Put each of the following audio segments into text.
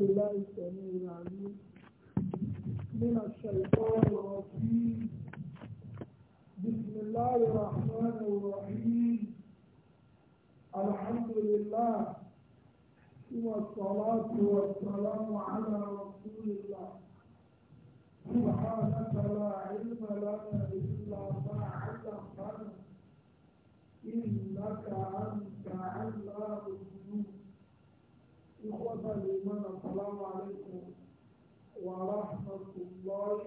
لله السميع العليم من الشيطان الرجيم بسم الله الرحمن الرحيم الحمد لله والصلاة والسلام على رسول الله سبحانك لا علم لنا إلا ما علمتنا إنك أنت علام إخوة الإيمان السلام عليكم ورحمة الله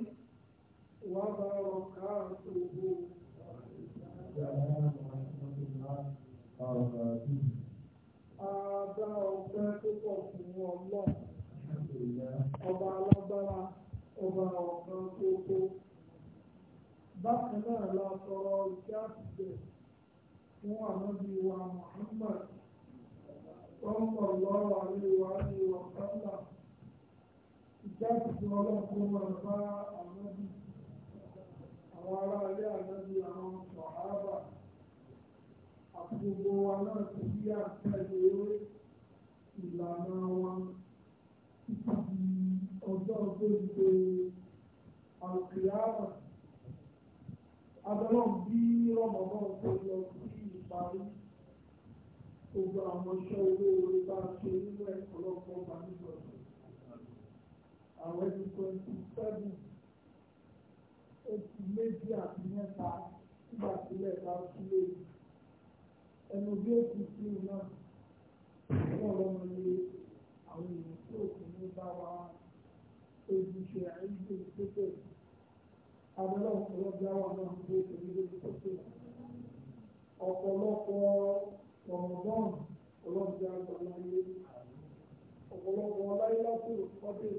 وبركاته Ada ọ̀fẹ́ púpọ̀ fún ọlọ́, ọba alágbára, ọba ọ̀kan tó tó. Bákan náà la sọ̀rọ̀ ìṣẹ́ àtìgbẹ̀ fún àwọn bí wa Muhammad صلى الله عليه وآله وسلم ìjáde ọlọ́pọ̀ máa bá ànábì àwọn ará ilé ànábì àwọn sọ̀hábà àti gbogbo wa náà ti rí àtẹ̀lé ìlànà wa títí di ọjọ́ gbèsè àlùkìyàmà adọ́lọ́ bí rọ̀mọ́mọ́ tó lọ sí ìparí gbogbo àwọn iṣẹ́ owó orí bá ṣe nínú ẹ̀kọ́ lọ́pọ̀ bá nígbà ọ̀sẹ̀. Àwọn ẹni twenty seven oṣù méjì àti mẹ́ta nígbà sílẹ̀ bá sílé ẹnu bí oṣù sí náà wọ́n lọ́mọ lé àwọn èèyàn tí òkú ní bá wa ojúṣe àìsí ìpínlẹ̀ abẹ́lẹ́ ọ̀pọ̀lọpọ̀ àwọn náà ń gbé ìpínlẹ̀ ọ̀pọ̀lọpọ̀ rọmọdọ́n ọlọ́ọ̀dẹ àgbàláyé ọ̀pọ̀lọpọ̀ ọláyé láti òkúté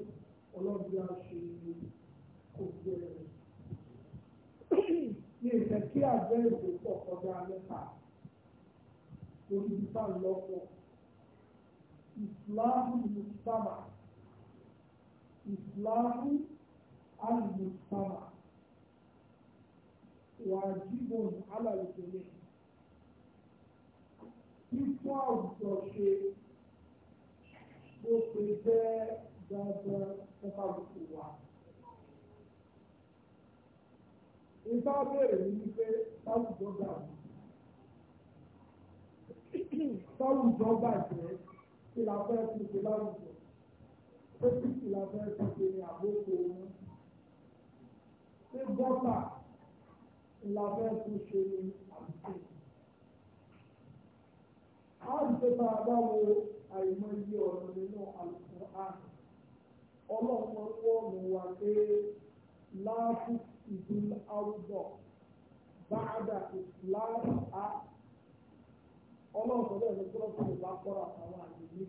ọlọ́ọ̀dẹ àṣeyẹ kò bẹ̀rẹ̀. ní ìfẹ́ kí àgbẹ̀ èdè pọ̀ kọjá mẹ́ta lórí bíbá lọ́pọ̀ ìsìláàmù mùsùlùmá ìsìláàmù àlùmùsùlùmá wàjibun alàlùfẹ́lẹ́ títí àwùjọ ṣe bó ṣe jẹ́ dandan ẹ̀fàlùkù wa. Ìgbà bẹ̀rẹ̀ ní wípé táwùjọ dàbí. Táwùjọ bàjẹ́ kí la fẹ́ fi ṣe láwùjọ. Ó sì kí la fẹ́ fi ṣe ní àbókò wọn. Ṣé gọ́tà la fẹ́ fi ṣe ní àbókò wọn? a ṣe bá a bá ọ̀rọ̀ nínú àlùkò a ọlọ́pàá fọ́ọ̀mù pé láàbù ìdúró àwùjọ báàdà ìsìláàmù a ọlọ́pàá bẹ́ẹ̀ ní kúlọ́pù ìlà kọ́ra àwọn àgbègbè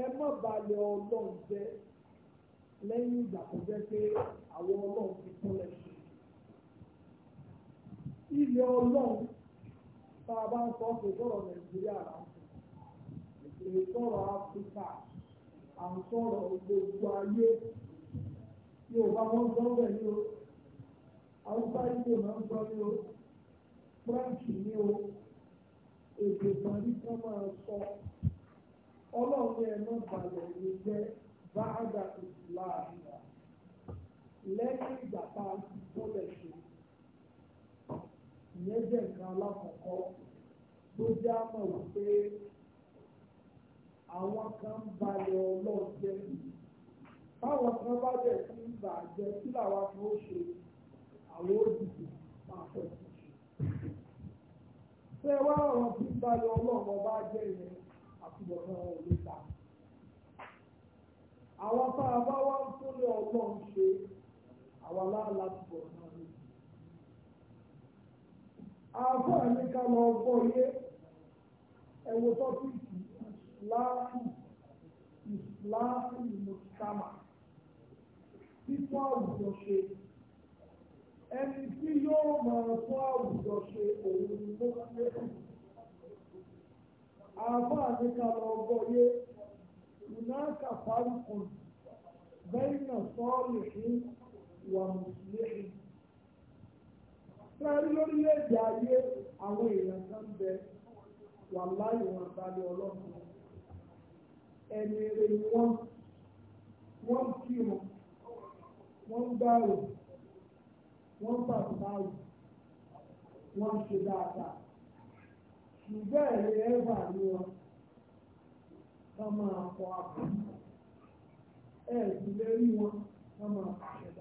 ẹ má balẹ̀ ọlọ́run jẹ́ lẹ́yìn ìgbà tó tá a bá ń sọ pé sọ̀rọ̀ nàìjíríà là ń sọ èyí sọ̀rọ̀ áfíríkà à ń sọ̀rọ̀ gbogbo ayé yóò bá wọn sọ bẹ́ẹ̀ ni o haúsá ìgbò máa ń sọ ni o fúráǹkì ni o èdè kan ní ìyẹn jẹ́ nǹkan alákọ̀ọ́kọ́ tó jẹ́ àmọ̀ wípé àwọn kan ń balẹ̀ ọlọ́run jẹ́ báwọn kan bá bẹ̀ sí ń bà jẹ́ kí làwọn kan ó ṣe àwọn òdìbò máa fẹ́ sí ṣe. ṣé wá ọ̀ràn tí ń balẹ̀ ọlọ́run ọba jẹ́ ìyẹn àtúbọ̀tán wọn ò lè ta. àwọn tá a bá wá ń tó lé ọlọ́run ṣe àwa láàlá àtúbọ̀tán àbọ̀ ní ká lọ gbọ́ yé ẹ̀wọ̀ tọ́pìkì ìsìláàfù ìsìláàfù mùsùlùmá títún àwùjọ ṣe ẹni tí yóò máa tún àwùjọ ṣe òun ni ló ṣe àbọ̀ ní ká lọ gbọ́ yé ìnáàkà fárúkùn bẹ́ẹ̀ náà sọ́ọ̀lì fún wà láàrin lórílẹ̀-èdè ayé àwọn èèyàn kan bẹ wà láyé wọn balẹ̀ ọlọ́run ẹni rẹ̀ wọ́n wọ́n kírun wọ́n gbàrò wọ́n pàtàkì wọ́n ṣe dáadáa ṣùgbọ́n ẹ̀rẹ́ ẹ̀wà ni wọn ká máa kọ àpò ẹ̀ẹ́dì lérí wọn ká máa pàṣẹ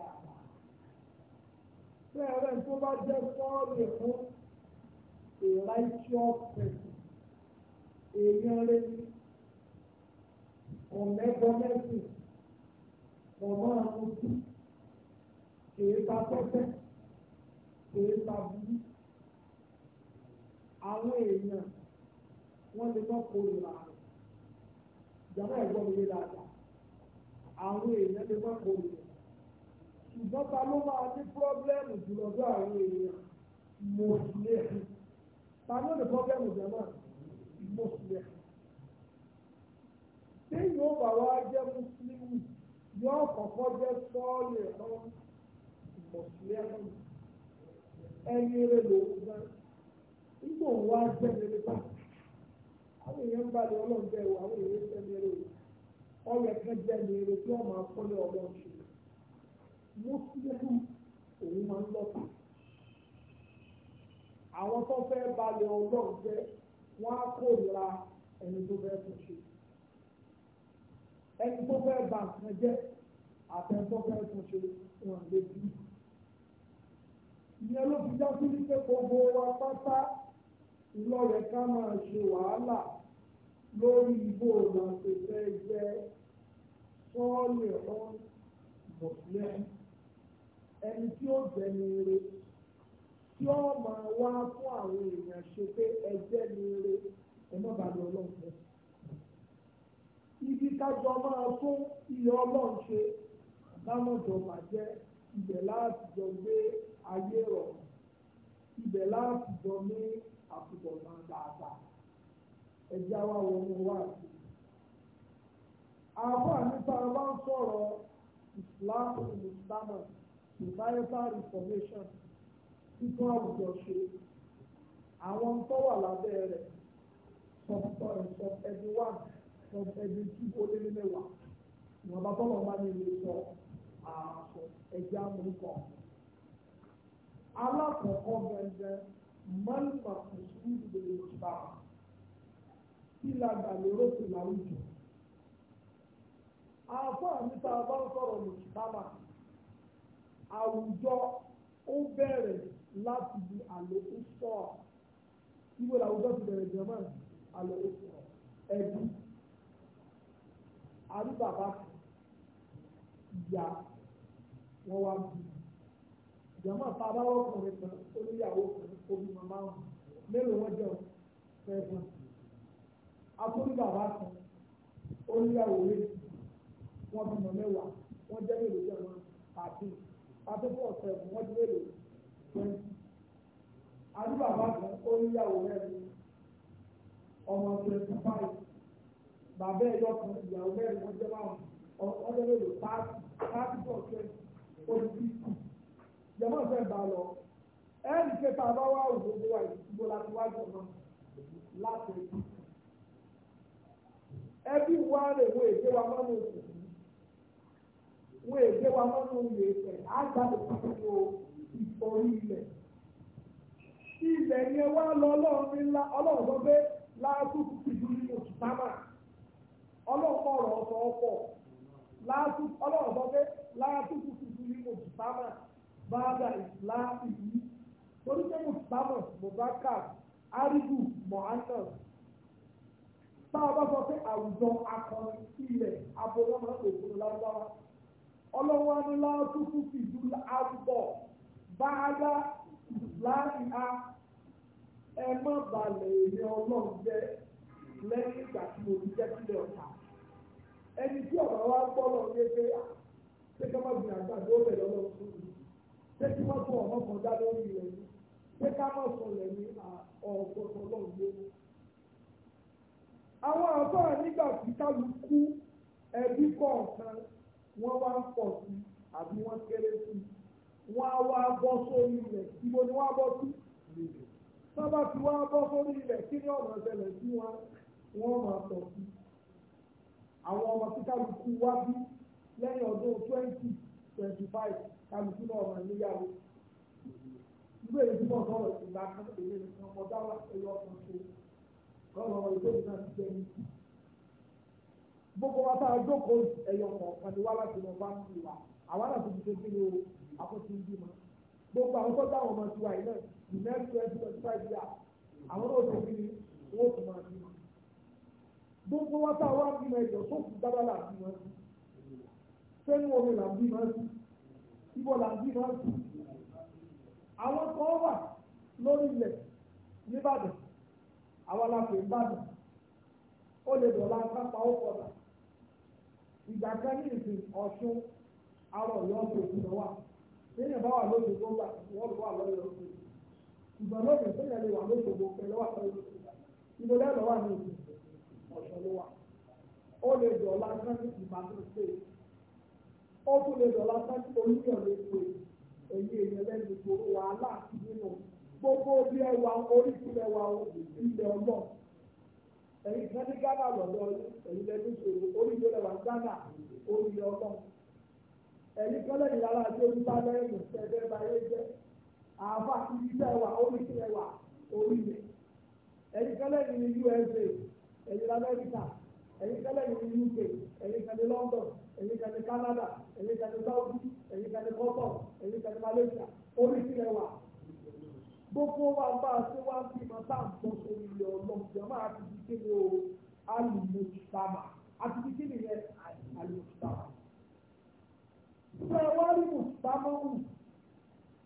fẹ́ẹ̀rẹ́ tó bá jẹ́ fọ́ọ̀lì fún a righteous person èèyàn lé ní ọ̀mẹ́gbọ́mẹ́sì ọmọ àwọn tí kìí ta pẹ́pẹ́ kìí ta búrú àwọn èèyàn wọ́n lè mọ́ kórìíra rẹ̀ ìjàmbá ẹ̀gbọ́n mi lé dáadáa àwọn èèyàn lè mọ́ kórìíra ṣùgbọ́n ta ló máa ní pírọ́blẹ́mù jùlọ bí àwọn èèyàn mọ̀sílẹ̀kì ta ló ní pírọ́blẹ́mù jẹ́mọ́ mọ̀sílẹ̀kì. tí yóò bá wá jẹ́ mùsùlùmí yóò kọ́kọ́ jẹ́ sọ́ọ̀lì ẹ̀rọ mọ̀sílẹ̀kì ẹni rẹ̀ lòún gan nígbà òun wá jẹ́ mi nípa àwọn èèyàn ń balẹ̀ ọlọ́ọ̀dẹ́ wo àwọn èèyàn ń tẹ́ mi rẹ̀ jẹ́ mi tí wọ́n máa kọ́lé ọlọ́ọ̀ṣù mọ́sílẹ́mù òun máa ń lọ́ta àwọn tó fẹ́ balẹ̀ ọlọ́run jẹ́ wọ́n á kórìíra ẹni tó fẹ́ tún ṣe ẹni tó fẹ́ bà nǹkan jẹ́ àtẹni tó fẹ́ tún ṣe wọn lè bí ìyẹn ló fi já sí wípé gbogbo wa pátá lọ́rẹ̀ ká máa ṣe wàhálà lórí ibo ìrànṣẹ́ fẹ́ jẹ́ sọ́ọ̀lì ọ̀hún mùsùlùmí ẹni tí ó jẹni ire tí ó máa wá fún àwọn èèyàn ṣe pé ẹjẹ́ ni ire ẹ má bàa lọ ọlọ́run fún ibi kájọ máa fún iye ọlọ́run ṣe lámọ̀jọ bàjẹ́ ibẹ̀ láti jọ gbé ayé rọ̀ ibẹ̀ láti jọ ní àtúbọ̀tán dáadáa ẹ̀jẹ̀ wa wọnú wa sí i. àwọn àníta bá ń sọ̀rọ̀ ìsìláàmù ìsìláàmù reliable information títún àwùjọ ṣe àwọn tó wà lábẹ́ rẹ̀ sọ̀tẹ̀dì wà sọ̀tẹ̀dì tí ó lé mẹ́wàá ìwọ̀nba tọ́lọ̀ bá ní ilé sọ ààbò ẹ̀jẹ̀ amúnkọ. alákọ̀ọ́kọ́ gẹ̀ẹ́gẹ́ mọ́nìmá kò sí ìdílé ìjọba kí la gbà lérò sí láwùjọ. àfọ̀ àmì tá a bá ń sọ̀rọ̀ lòkìtámà àwùjọ ó bẹ̀rẹ̀ láti di àlòkù sọ̀ ìwé làwùjọ ti bẹ̀rẹ̀ jẹ̀mọ́ àlòkù sọ̀ ẹbí àrùbàbà ìyá wọn wá bí jẹ̀mọ́ bàbá ọkùnrin kan oníyàwó kan omi màmá wọn mélòó wọn jẹun fẹ́ẹ̀fọ́n àtúndàbà kan oníyàwó rẹ̀ wọ́n bímọ mẹ́wàá wọ́n jẹ́ mélòó jẹ̀mọ́ àti afẹ́fẹ́ ọ̀sẹ̀ wọ́n ti lè twenty àdúrà bá kan ó ní ìyàwó rẹ̀ ní ọmọ twenty five bàbá ẹ̀yọ́ kan ìyàwó mẹ́rin wọ́n jẹ́ márùn ọdún lè lò thirty thirty to twenty ó ti fi kù jẹ́mọ́ fẹ́ bá lọ ẹ̀ẹ́dì kẹta bá wà òwò owó wa ìdìbò láti wájú ọ̀nà láti ẹbí wa lè wo èdè wa mọ́nà òkùnkùn. wọ́n èdè wa n'oge ilé ìfẹ́ àgbàdo pàtàkì ìforí ilẹ̀. ilẹ̀ yẹn wá lọ ọlọ́run ńlá ọlọ́run lọ bẹ́ láàtúkù tìjú ní oṣù támà ọlọ́run ọ̀rọ̀ ọ̀sọ̀ ọkọ̀ ọlọ́run lọ bẹ́ láàtúkù tìjú ní oṣù támà bàbá ìlà ìlú torí pé a bá sọ pé àwùjọ akọni ilẹ̀ ọlọ́wọ́ ní láàtú fífi ju àbọ̀ bá a dá láàrin a ẹ má balẹ̀ èmi ọlọ́run jẹ́ lẹ́yìn ìgbà tí mo ti jẹ́ sílẹ̀ ọ̀tá ẹni tí ọ̀rọ̀ wa gbọ́ lọ ní ẹgbẹ́ ah, ṣé ká má gbìyànjú àgbàdo ó bẹ̀rẹ̀ ọlọ́run fún mi ṣé kí wọ́n tún ọmọ kan dá lórí rẹ̀ ni pé ká mọ̀ sọ lẹ̀ ní ọ̀gbọ̀n ọlọ́run lé. àwọn àbọ̀ nígbà tí kálukú ẹbí kọ̀ọ̀kan wọ́n bá ń pọ̀ sí àbí wọ́n kéré sí wọ́n á wá bọ́ sórí ilẹ̀ ibo ni wọ́n á bọ́ sí sábà tí wọ́n á bọ́ sórí ilẹ̀ kí ni ọ̀nà ìṣẹ̀lẹ̀ sí wọn wọ́n máa pọ̀ sí àwọn ọmọ tí kálukú wá bí lẹ́yìn ọdún twenty twenty five kálukú náà máa níyàwó ìgbé yìí tí wọ́n sọ̀rọ̀ ìgbà kan èyí ni wọ́n mọ̀ dáwà ẹ̀yọ́ kan ṣe lọ́rọ̀ ìgbé yìí náà ti jẹ́ ní ti gbogbo wa tá a jókòó ẹ̀yọ̀ kọ̀ọ̀kan ni wá láti lọ bá ń fi wà àwa náà ti fi ṣe kí ni o àkóso ń bímọ gbogbo àwọn tó dáwọn ọmọ tiwa yìí náà the next twenty twenty five years àwọn náà ti fi ni owó tó máa bímọ gbogbo wa tá a wá bímọ ẹ̀yọ̀ tó fi dábàá là bímọ sí sẹ́nu omi là bímọ sí ibo là bímọ sí àwọn kan wà lórí ilẹ̀ nìbàdàn àwọn aláfẹ́ ìbàdàn ó lè dọ̀la kápá ó kọ̀dà. ìgbà kan ní ìsìn ọ̀ṣun arọ̀ ìyọ́ ọ̀sẹ̀ wà bá wà lóṣù tó gbà wọ́n wà lọ́yọ̀ ọ̀sẹ̀ ìgbà lóṣù tó yẹ lè wà lóṣù tó pẹ̀lú wà ìbò lẹ́nu wà ní ìsìn ọ̀ṣun ló wà ó lè dọ̀la sáńtì ìbátan pé ó tún lè oníyàn èyí lẹ́nu wàhálà nínú gbogbo bí ẹ̀yin kan ní Ghana lọ́dọ̀ ẹ̀yin lẹ́nu ìṣòro oríṣi lẹ́wà Ghana oríṣi ọlọ́run ẹ̀yin kan lẹ́yìn lára àti olùkọ́ lẹ́yìn ẹ̀fẹ́ báyé jẹ́ àáfà ibi sẹ́wà oríṣi ẹ̀wà oríṣi ẹ̀yin kan lẹ́yìn ní USA ẹ̀yin lamẹ́ríkà ẹ̀yin kan lẹ́yìn ní UK ẹ̀yin kan ní London ẹ̀yin kan ní Canada ẹ̀yin kan ní Saudi ẹ̀yin kan ní Qatar ẹ̀yin kan ní Malaysia oríṣi ẹ̀wà gbogbo wa ń bá a ṣe wá ń bí ma tá à ń tọ́ sórí ilé ọlọ́ọ̀dẹ máa ti di kéde o alùmọ̀tàmà àti di kéde yẹn alùmọ̀tàmà. Ṣé wá rí mùsùlùmá wù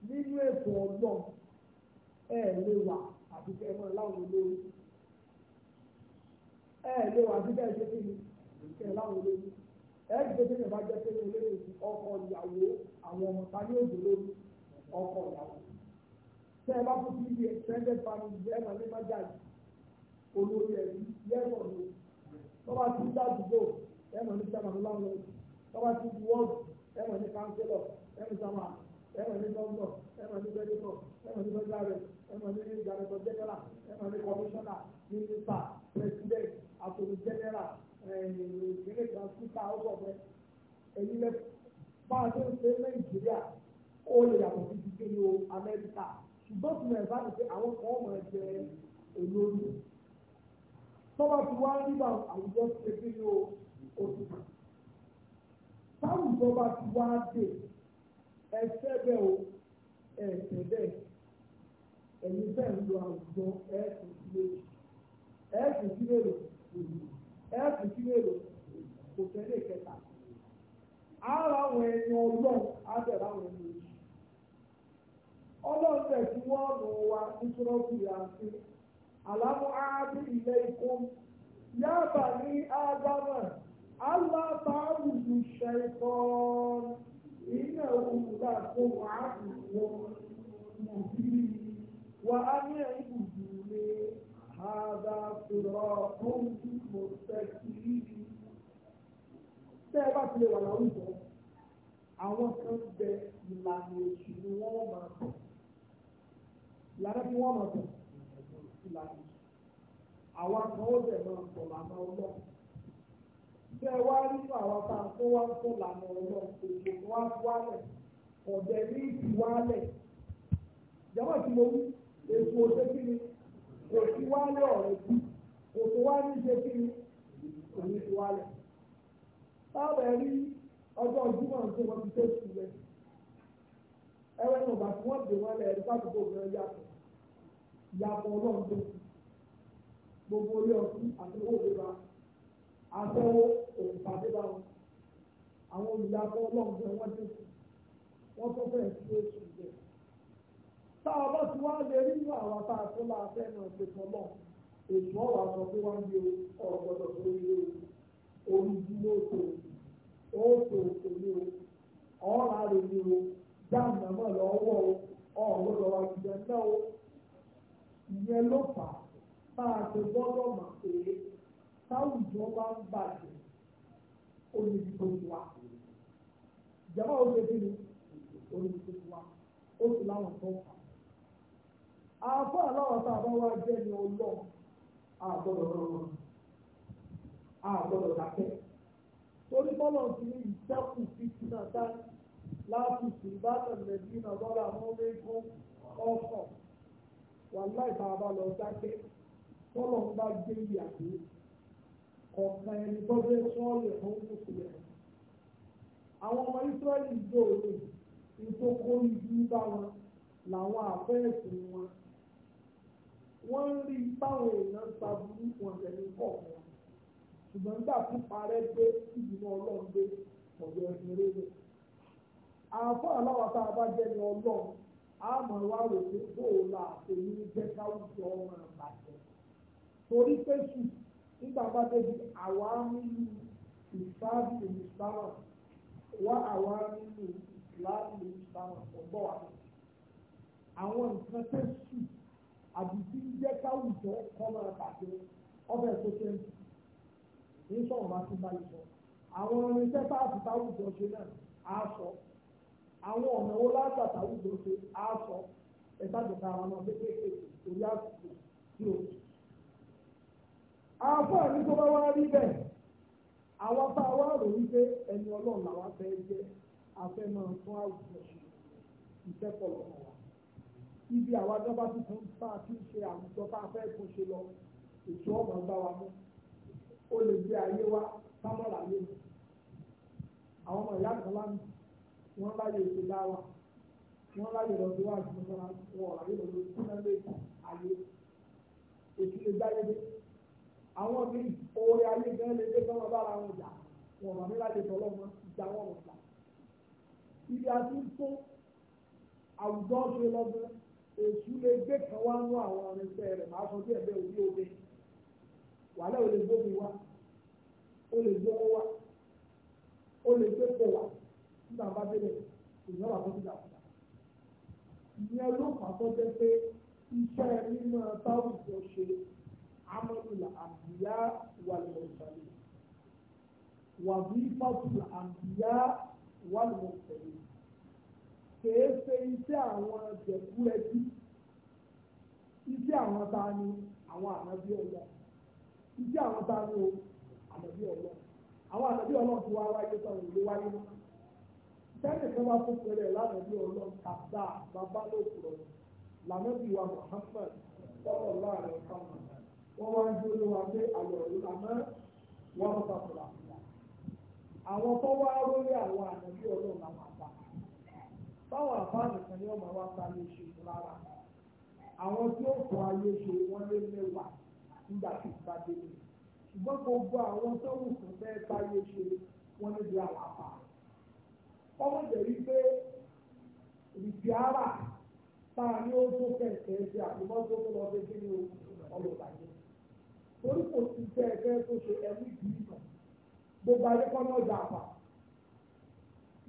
nínú ètò ọlọ́ ẹ lè wà àti kẹ́ ẹ mọ̀ láwọn olórí. Ẹ lè wà àti bẹ́ẹ̀ ṣe kí ni kẹ́ ẹ láwọn olórí. Ẹ gbé tí bá jẹ́ pé olórí ọkọ ìyàwó àwọn ọmọ ta ní òjò lórí ọkọ ìyàwó tẹ́ ẹ bá tún fi ibi extended family ẹ máa ní má jáde olórí ẹ̀ ní yẹ́rọ̀ ni tọ́ba ti ń dàdúgbò ẹ máa ní sábà ní landlord tọ́ba ti ń wọ́ọ̀dù ẹ ní councillor ẹ sábà ẹ ní governor ẹ ní senator ẹ máa ní secretary ẹ máa ní director general ẹ ní commissioner minister president attorney general ìgbélé kan síta ọgbọ̀n rẹ a ṣe ń ṣe Nàìjíríà ó lè yàtọ̀ sí ṣùgbọ́n tí nàìjíríà ti ṣe àwọn kan ọmọ ẹ̀jẹ̀ olórí tọ́ba ti wá nígbà àwùjọ ti ṣe kí ni o oṣù kan táwùjọ bá ti wá dé ẹsẹ̀ bẹ́ẹ̀ o ẹ̀sẹ̀ bẹ́ẹ̀ ẹ̀yin bẹ́ẹ̀ ń lo àwùjọ ẹ̀sìn sílé ẹ̀sìn sílé lò ẹ̀sìn sílé lò kò tẹ́lẹ̀ kẹta ara àwọn ẹni ọlọ́run á bẹ̀rẹ̀ àwọn ẹni oṣù ọlọ́run tẹ̀ sí wọ́ọ̀nù wa nítorí ọ̀gbìn àti àlámú áádé ilé ikú yáàbà ní ádámà alábàárùdù ṣẹ̀tọ́n iná òwúlà tó wà á wọ mọ̀bí wà á ní ìbùdó ní àdá sọ̀rọ̀ ọ̀hún mọ̀tẹ́kì. tẹ́ ẹ bá ti wà láwùjọ àwọn kan bẹ ìlànà òṣèlú wọn máa bọ̀ ìlànà tí wọ́n máa tọ̀ ìlànà àwa kan ó dẹ̀ máa tọ̀ lànà ọlọ́run bẹ́ẹ̀ wá nínú àwọn tá a tó wá ń tọ̀ lànà ọlọ́run òkè tó wá wálẹ̀ ọ̀dẹ̀ ní ìdí wálẹ̀ ìjọba tí mo wí èso ọ̀sẹ̀ kí ni kò sí wálẹ̀ ọ̀rẹ́ bí kò tó wá ní ṣe kí ni kò ní ti wálẹ̀ táwọn ẹ̀rí ọjọ́ ìdúmọ̀ nǹkan wọn ti tẹ̀sí rẹ̀ ẹwẹ́ náà bàtí wọ́n bè wọ́n lẹ̀ ẹ̀rí fàdúgbò rẹ̀ yàtọ̀ yàtọ̀ ọlọ́run tó gbogbo orí ọtí àti owó ìlera àtẹwọ́ òǹpàdé bá wọn àwọn olùyàtọ̀ ọlọ́run tó wọ́n dé wọ́n tó fẹ́ẹ̀ sí oṣù jẹ. tá a bá ti wá lè rí inú àwọn tá a tó láà fẹ́ náà ṣe tán náà ètò ọ̀rọ̀ àṣọ tó wá ń di ọ̀rọ̀ gbọdọ̀ tó yé orí dúró tó o tó o ní o ọ̀rọ̀ àrè ní o. dáàmú àmọ́ lọ́wọ́ o ọ̀rọ̀ lọ́wọ́ àjùjẹ o ìyẹn ló fà á bá ṣe gbọ́dọ̀ mọ̀ pé táwùjọ bá ń bàjẹ́ tó wá ìjàmbá ṣe kíni tó wá sì láwọn tó fà á àfọ́ àláwọ̀ tá a bá wá jẹ́ ni láti ṣùgbọ́n lẹ́bí náà lọ́la wọn lé fún ọ̀sán wà láì bá a bá lọ dákẹ́ tọ́lọ̀ ń bá gbé ìyàgbé ọ̀kan ẹni tó fẹ́ sọ́ọ̀lẹ̀ fún mùsùlùmí. àwọn ọmọ Ísírẹ́lì jọ òní ìtókó ibi bá wọn làwọn àfẹ́ẹ̀sì wọn wọ́n ń rí táwọn èèyàn ń ta burúkú ọ̀sẹ̀ ní kọ̀ọ̀kan ṣùgbọ́n nígbà tí parẹ́ dé ìdùnnú ọlọ́run dé ọ̀dọ̀ àfọ aláwa tá a bá jẹ́ ní ọlọ́run a mọ̀ wá rò pé bóò la èyí jẹ́ káwùjọ ọmọ àbàjẹ́ torí pé sùn nígbà bá débi àwa nínú ìsáàbì ìsáàmà wá àwa nínú ìsìláàbì ìsáàmà ọ̀gbọ́n wa àwọn nǹkan tẹ́ sùn àbí tí ń jẹ́ káwùjọ kọ́mọ àbàjẹ́ ọbẹ̀ tó ṣe ń bù ní sọ̀rọ̀ bá ti bá yìí sọ àwọn irinṣẹ́ tá a ti táwùjọ ṣe náà á sọ àwọn ọ̀nà wo látàtà wùdó ṣe á sọ ẹ̀sàjọba àwọn ọmọ kéékèèké torí àsìkò tí o. àǹfààní tó bá wá rí bẹ́ẹ̀ àwa bá wá rò wípé ẹni ọlọ́run làwa fẹ́ jẹ́ afẹ́ máa tún àwùjọ ṣe ìkẹ́kọ̀ọ́ lọ́wọ́ wa. ibi àwa jọba tuntun bá a ti ń ṣe àwùjọ bá a fẹ́ kó ṣe lọ ètò ọmọ bá wa mú ó lè gbé ayé wa sámọ́ra lé àwọn ọmọ ìyá kan lánàá wọ́n láyè ètò dáwà wọ́n láyè lọ́dún wà ní ọ̀sán wọn àyè lọ́dún tí wọ́n lè àyè ètò lè dáyé dé. àwọn mi oore ayé gan lè dé sọ́wọ́n bára wọn jà wọn wà ní láyè tọ́lọ́ wọn ìjà wọn wọn jà. ibi àti tó àwùjọ ṣe lọ́dún èṣù lè gbé kan wá nú àwọn irinṣẹ́ rẹ̀ máa sọ bí ẹ̀bẹ̀ òbí òde wàhálà ò lè gbómi wá ó lè gbówó wá ó lè gbé pò wá sísá bá délẹ̀ èèyàn wà fún sísá fún ìyẹn ló fà tó jẹ́ pé iṣẹ́ mímọ́ táwùjọ ṣe amọ̀lùlà àbíyá wàlùmọ̀sálẹ̀ wàbí fàtùlà àbíyá wàlùmọ̀sálẹ̀ kèé ṣe iṣẹ́ àwọn jẹ̀kúrẹ́jì iṣẹ́ àwọn ta ni àwọn ànábí ọlọ́ iṣẹ́ àwọn ta ni o ànábí ọlọ́ àwọn ànábí ọlọ́ ti wá wáyé sọ̀rọ̀ ìlú wáyé náà sẹ́ni tó bá fún pẹ̀lẹ́ lánàá bí ọlọ́run kàdá bàbá ló kúrọ̀ lànà bí wa Muhammad sọ̀rọ̀ láàrin ọ̀sánmà wọ́n wá ń dúró wa pé àyọ̀ ìlànà wọ́n bá kúrọ̀ àfúlà. àwọn tó wá lórí àwọn ànàbí ọlọ́run làwọn àbá báwọn àbá nìkan ni ọmọ wa ta lè ṣe rárá àwọn tí ó kọ ayé ṣe wọ́n lé mẹ́wàá nígbà tí ìgbà dé ṣùgbọ́n gbogbo àwọn tó wù fún bẹ́ẹ̀ táyé ṣe wọ́n níbi àwọn àbá kọ́mọ̀ jẹ́ wípé ìdíárà tá a ní ó tó kẹ̀kẹ́ ṣe àbúmọ́ tó tó lọ sí kíni ọmọ ìbàjẹ́ torí kò sí iṣẹ́ ẹgbẹ́ tó ṣe ẹ̀mí ìdílé náà gbogbo ayé kọ́ ní ọjà àpà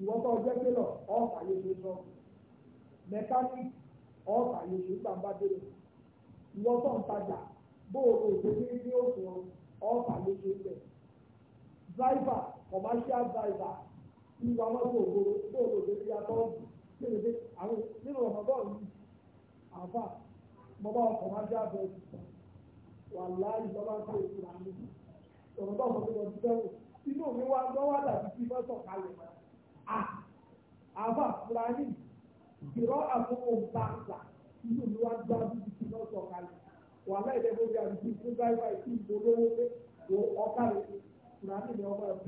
ìwọ́tọ̀ ọjọ́ pélọ̀ ọ̀ọ́fà yóò ṣe sọ mẹkáníìkì ọ̀ọ́fà yóò ṣe gbàǹbá délé ìwọ́tọ̀ ń tajà bóòlù òṣèlú ní òṣùwọ̀n ọ̀ọ́fà yóò ṣe bẹ̀ driver commercial driver ìwà mọ́tò ògbóró bóòlù òṣèlú ya tọ́ọ̀bù nínú pé àwọn nínú ọ̀mọ̀gọ́ọ̀ yìí àfà bọ́bá ọkọ̀ máa jẹ́ àbẹ̀ òṣìṣẹ́ wà láàyè bọ́bá ń pè é ìlànà ọ̀mọ̀gọ́ọ̀ ọ̀mọ̀gọ́ọ̀ lọ jíjẹ́ wò inú mi wá lọ́ wá dàbí kí wọ́n sọ̀ kalẹ̀ àfà fúlàní ìrọ́ àfọwọ́ gbàǹgbà inú mi wá dàbí kí wọ́n sọ̀ kalẹ̀ wà láì lẹ́gbẹ́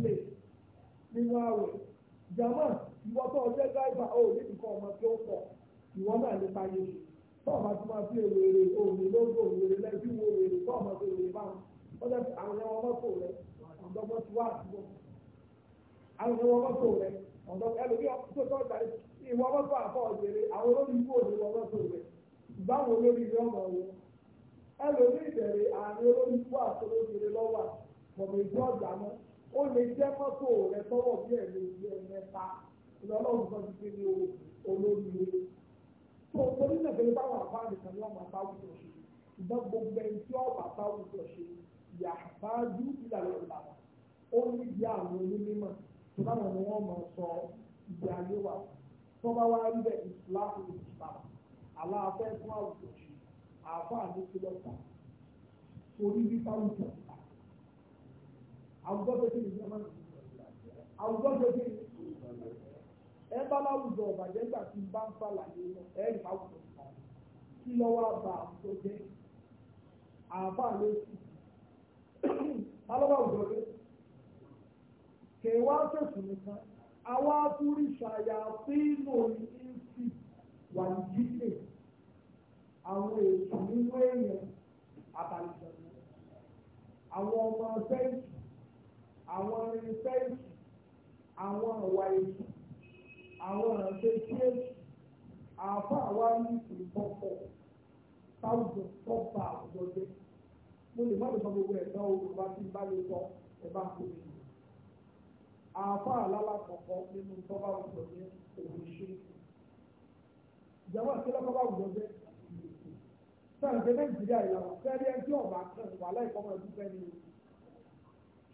bí jama ìwọ tó ọjọ́ gáìbà ó ní nǹkan ọmọ tí ó pọ̀ ìwọ náà lè pa yẹn tó tó máa fi èrè òní wo èrè tó ọmọ tó èrè ó àwọn rẹ ti wá àtúbọ̀ àwọn ẹ̀wọ̀n mọ́tò rẹ ọ̀dọ́gbọ́n ẹlòmí tó ìwọ àwọn òní ó lè jẹ́ mọ́tò rẹ tọ́wọ́ bí ẹ̀ lè rí ẹ mẹ́ta lọ́lọ́run kan ti fi ní olórí rẹ. tó torí náà fẹ́ẹ́ báwọn àbáàdì kan lọ́mọ àbáwùjọ ṣe ìbọn gbogbo ẹni tí ọ̀bà àbáwùjọ ṣe yàbájú ìlànà ìlànà ó ní ìyá àwọn onímọ̀ tó báwọn ni wọ́n mọ̀ sọ ìdí ayé wa tó bá wá rí bẹ́ẹ̀ ìsìláàfù ìsìláàfù aláàfẹ́ fún àwùjọ ṣe àáfàá ní kílọ̀tà torí bí fáwùjọ ṣe àwùjọ tó kiri ìjọba àwùjọ tó kiri ẹ bá láwùjọ ọ̀bàjẹ́ gbà tí bá ń fàlàyé ẹ rí àwùjọ kí lọ́wọ́ àbá àwùjọ jẹ́ àbá ló sì alọ́wọ́ àwùjọ jẹ́ kẹwàá fẹ̀sùn nìkan àwa àtúrí ṣàyà fíìmù ìsì wà jíjẹ àwọn èèyàn nínú èèyàn àbàlùjọ àwọn ọmọ sẹ́yìn àwọn irinṣẹ́ èṣù àwọn ìwà èṣù àwọn ìrànṣẹ́ sí èṣù àáfà wa ní ìpè pọ̀pọ̀ táwùjọ tọ́ba àwùjọ jẹ́ mo lè má lè sọ gbogbo ẹ̀dá olùbá tí bá lè sọ ẹ̀ bá kó mi lò àáfà lálàkọ̀kọ́ nínú tọ́ba àwùjọ jẹ́ òun ṣe ìjàmbá àti lọ́kọ́ba àwùjọ jẹ́ sọ̀rọ̀ ṣe nàìjíríà ìlànà fẹ́ẹ́ rí ẹjọ́ ọ̀bà kan wà láìpọ́nmọ́ ẹ̀dúfẹ́ ni o.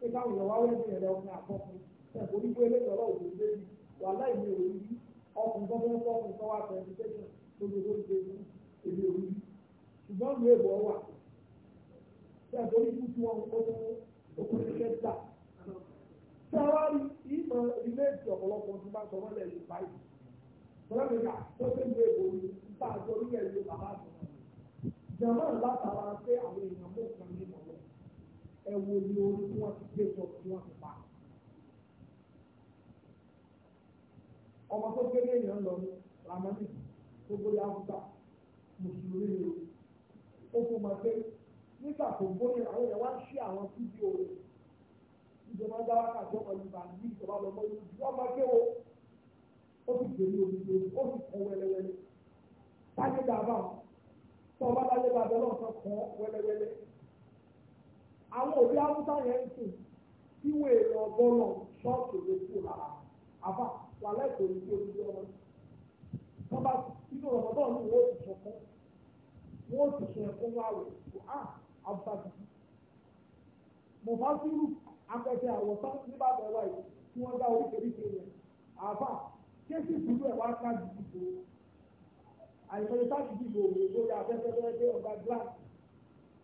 pé káwọn èèyàn wá wẹ́ẹ̀dì rẹ̀ ọkùnrin àkọ́kùn ẹ̀kọ́ onígbó eléyìí ọ̀rọ̀ òdòdó débi wà láì ní òrí ọkùnrin tó fẹ́ fọ́kùn tó wà pẹ̀lútẹ́sán lójoojó ń débi èmi òrí ṣùgbọ́n mi èbọ̀ wà ẹ̀kọ́ onígbó tí wọ́n kó tó okùnrin fẹ́ gbà. sáwárì ìmọ̀ ilé ìtì ọ̀pọ̀lọpọ̀ tó bá sọmọ́ lẹ̀ yìí báyìí tọ́lẹ́mìíkà tó fẹ́ gbé èbò mi nípa àjọ orílẹ̀-èdè bàbá àtọ̀ jàmbá látara pé àwọn èèyàn mọ̀ kan nínú ẹ wo ni orí tí wọ́n ti gbé sọ tí wọ́n ti pa. ọmọ tó kéré èèyàn lọ ramani tó bóyá fúta mùsùlùmí ni ó fún ma pé nígbà tó bóyá àwọn èèyàn wá ń ṣí àwọn fídíò rẹ̀ ìjọba ń dáwọ́ kájọ pẹ̀lú bàbí ìjọba lọ́mọ yìí wọ́n máa gbé wo ó sì gbé ní omi lórí ó sì kún wẹ́lẹ́wẹ́lẹ́ táyé dàbà tọ́ ọ bá táyé dàbà lọ́sàn-án kún wẹ́lẹ́wẹ́lẹ́ àwọn òbí haúsá yẹn ń sìn tí wọ́n èrè ọgbọ́n náà ṣọ́ọ̀tù ló kú rárá àbá wà lẹ́kọ̀ọ́ ìdí onídìí ọmọ wọn bá inú ọ̀rọ̀ náà ní wọ́n ti sọ fún wọ́n ti sọ ẹ̀kún wá rẹ̀ kò á àbúrò àdìsí mo bá dúró akẹ́kẹ́ àwọ̀tán nígbàdàn wà yìí tí wọ́n dá oríṣiríṣi yẹn àbá kéésì ìdúró ẹ̀ wá ká dìbò àyẹ̀fẹ́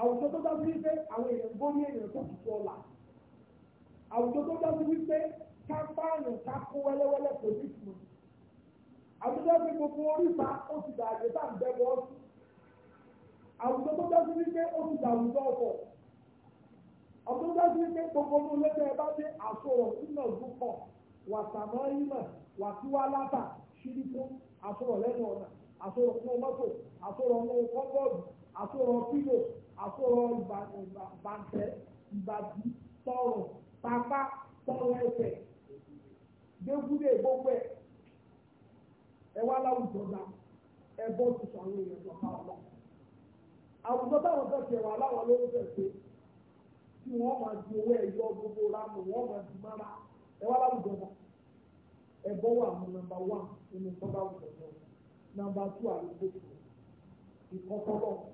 àwùjọ tó dájú wípé àwọn èèyàn gbó ní èèyàn tó tutù ọ̀la àwùjọ tó dájú wípé ká pààyàn ká kó wẹ́lẹ́wẹ́lẹ́ kò ní ìtumọ̀ àwùjọ tó gbogbo oríta ó ti dà àgbẹ̀ sáà ń bẹ́ bọ́ ọ́sùn àwùjọ tó dájú wípé ó ti dà àwùjọ ọ̀fọ̀ àwùjọ tó dájú wípé gbogbo ní olóṣèlú bá dé àsọ̀rọ̀ nínú ọ̀gbọ́n pọ̀ wàtàmọ́ ìmọ̀ wàtíwá látà ṣíríkú àsọ̀rọ̀ lẹ́nu ọ̀nà fún ọmọ́tò àsọ̀rọ̀ fún kọ́ńgọ́ọ̀dù àsọ̀rọ̀ fílò àfọwọ́ bàtẹ ìbàdí tọrọ pápá tọrọ ẹsẹ̀ dégúdé gbogbo ẹ̀ ẹ wá láwùjọ dá ẹ bọ́ tuntun àwọn èèyàn tó ká wọn. àwùjọ táwọn kan tẹ̀wọ̀ aláwọ̀ ló ń bẹ̀ pé kí wọ́n máa di owó ẹ̀yọ gbogbo rámù wọ́n máa di mára ẹ wá láwùjọ dá ẹ bọ́ wà mú nàmbà wán nínú tọ́ba àwùjọ náà nàmbà tú àlùkò ìkọ́kọ́ náà.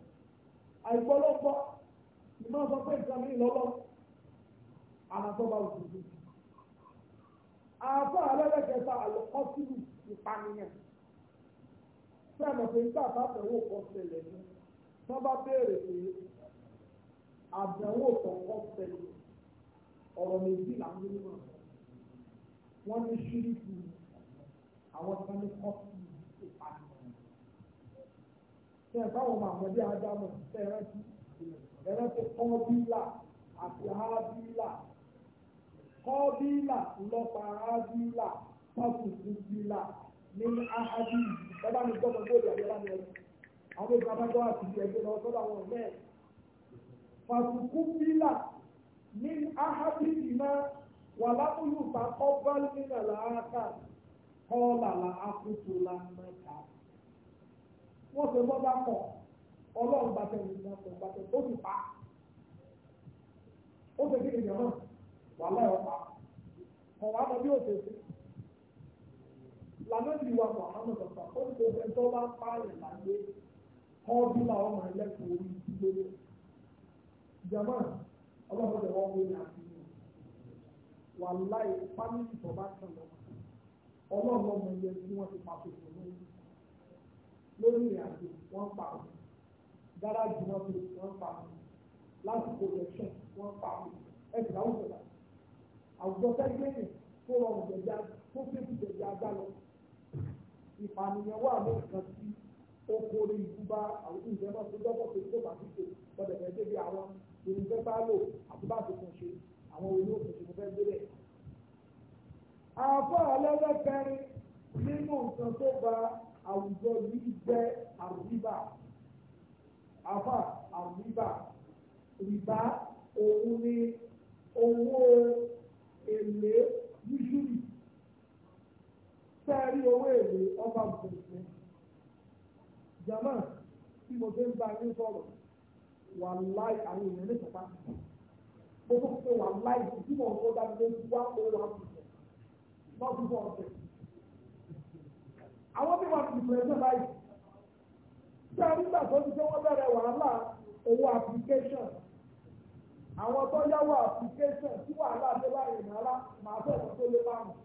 àìgbọ́lọ́gbọ́ ni máa sọ pé ìgbà mi lọ́lọ́ àràtọ́ba òṣèlú àbọ̀ alẹ́lẹ́kẹta àlọ́kọ́sílù ìpànìyàn sẹ́ẹ̀mọ̀ pé nígbà tábẹ̀wò kan ṣẹlẹ̀ ní wọ́n bá béèrè pé àbẹ̀wò kọ̀ọ̀kan ṣẹlẹ̀ ọ̀rọ̀ méjì là ń gbé nínú wọn ní ṣíríkì àwọn kan ní kọ́sí. ṣe báwọn ọmọ àwọn ẹbí adámọ̀ ṣe rántí àti ábílà kọ́bílà lọ́pa ábílà pọ́kùnkùn bílà ní ábí bàbá mi gbọ́dọ̀ gbọ́dọ̀ àbí mi àwọn ẹgbẹ́ sọ́dọ̀ àwọn ẹ̀ bílà ní ìmọ̀ wà bá kọ́ bá kọ́ làlà wọ́n ṣe wọ́n bá kọ̀ ọlọ́run bàtẹ̀ ìrìnà kò ó sì pa ó ṣe kéde wà láyọ̀ pa kọ̀ wá lọ bí ó ṣe ṣe lànà ìlú wa ó bá láyé làwọn ọmọ ẹlẹ́kọ̀ọ́ orí ìdílé jọ̀mọ́ ọlọ́run wọ́n ní wà láyé fámìlì tó bá kàn lọ ọlọ́run ọmọ ti pa lórí ìrìn àjò wọ́n pa ọ́ gáràjì wọn tó wọ́n pa ọ́ lásìkò election wọ́n pa ọ́ ẹ̀sìn àwùjọ náà àwùjọ sẹ́gbẹ̀rì tó rọrùn jẹjẹ tó fèsì jẹjẹ agbá lọ ìpànìyàn wà lórí kan tí ó kórè ikú bá àwùjọ ìjọba tó dọ́pọ̀ pé tó bá ti tè gbọdọ̀ fẹ́ débi àwọn irúfẹ́ bá lò àtúbàtò kan ṣe àwọn olóògùn tó fẹ́ gbélé. àfọ àlẹ́lẹ́ kẹrin nínú nǹkan tó ba àwùjọ yìí jẹ́ àríbà àfà àríbà rìbá òun ni owó èlé usually sẹ́ẹ̀rí owó èlé ọba bùrùkún jama tí mo fi ń bá yín sọ̀rọ̀ wà láì àwọn èèyàn ní ìtọ́pá mo tó fi wà láì tí mo ń kó dájú pé wá owó àbùkù lọ́sùn fún ọ̀sẹ̀ àwọn tí wọ́n ti pẹ̀lú báyìí tí a nígbà tó ti sọ́wọ́ bẹ̀rẹ̀ wàhálà owó application àwọn tó yáwó application tí wàhálà dé báyìí nàrà màá bẹ̀rẹ̀ tó lé márùn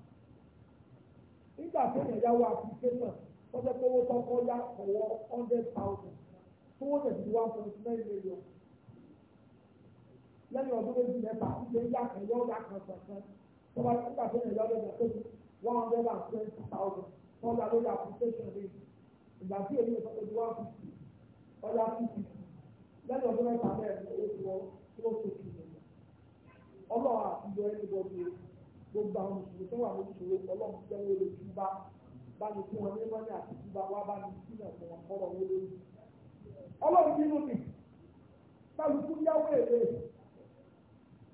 nígbà tó yẹn yáwó application wọ́n jẹ́ pé owó tọ́kọ́ yá ọwọ́ hundred thousand tó wọ́n tẹ̀sí one point nine million lẹ́yìn ọdún méjì mẹ́ta ìgbé yá kan yọ́ yá kan sọ̀kan tó bá nígbà tó yẹn yọ́ lẹ́yìn ọdún one hundred and twenty thousand wọ́n gba lórí application rate ìgbà tí èmi ìsọ̀tò ju one fifty ọ̀la two fifty lẹ́nu ọdún mẹ́ta mẹ́rin owó tí wọ́n tí wọ́n tó kì í lọ. ọlọ́wà àtijọ́ ẹni gbọ́dọ̀ gbogbo àwọn mùsùlùmí tó wà lórí ìṣòro ọlọ́run jẹ́ wọ́n lè túbá bá ní fún wọn ní mọ́ni àti túbá wá bá ní sílẹ̀ fún wọn kọ́rọ̀ lórí. ọlọ́run nínú mi kálukú yáwó èlé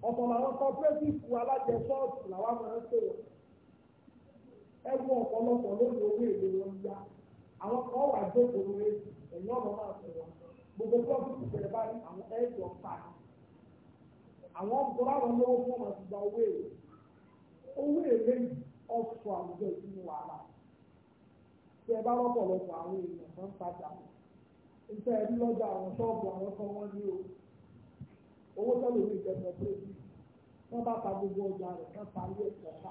ọ̀pọ̀ làwọn cooperative alájẹsọ́ọ̀tì làwọn máa ń pè wọ́n ẹgbọ́n ọpọlọpọ lórí owó èlé wọn yá àwọn kan wà jókòó rẹ ẹ̀yìn ọ̀nà máa sọ wọn gbogbo pọ́ọ̀tù ìṣẹ̀lẹ̀ báyìí àwọn ẹ̀jọ̀ pa àwọn ọ̀pọ̀lọpọ̀ àwọn lọ́wọ́ ọrụ ọmọ ti gba owó èlé owó èlé yìí àwùjọ wàhálà tí ẹ bá àwọn èèyàn ń ẹbí àwọn àwọn kan ní o owó bá ta gbogbo ọjà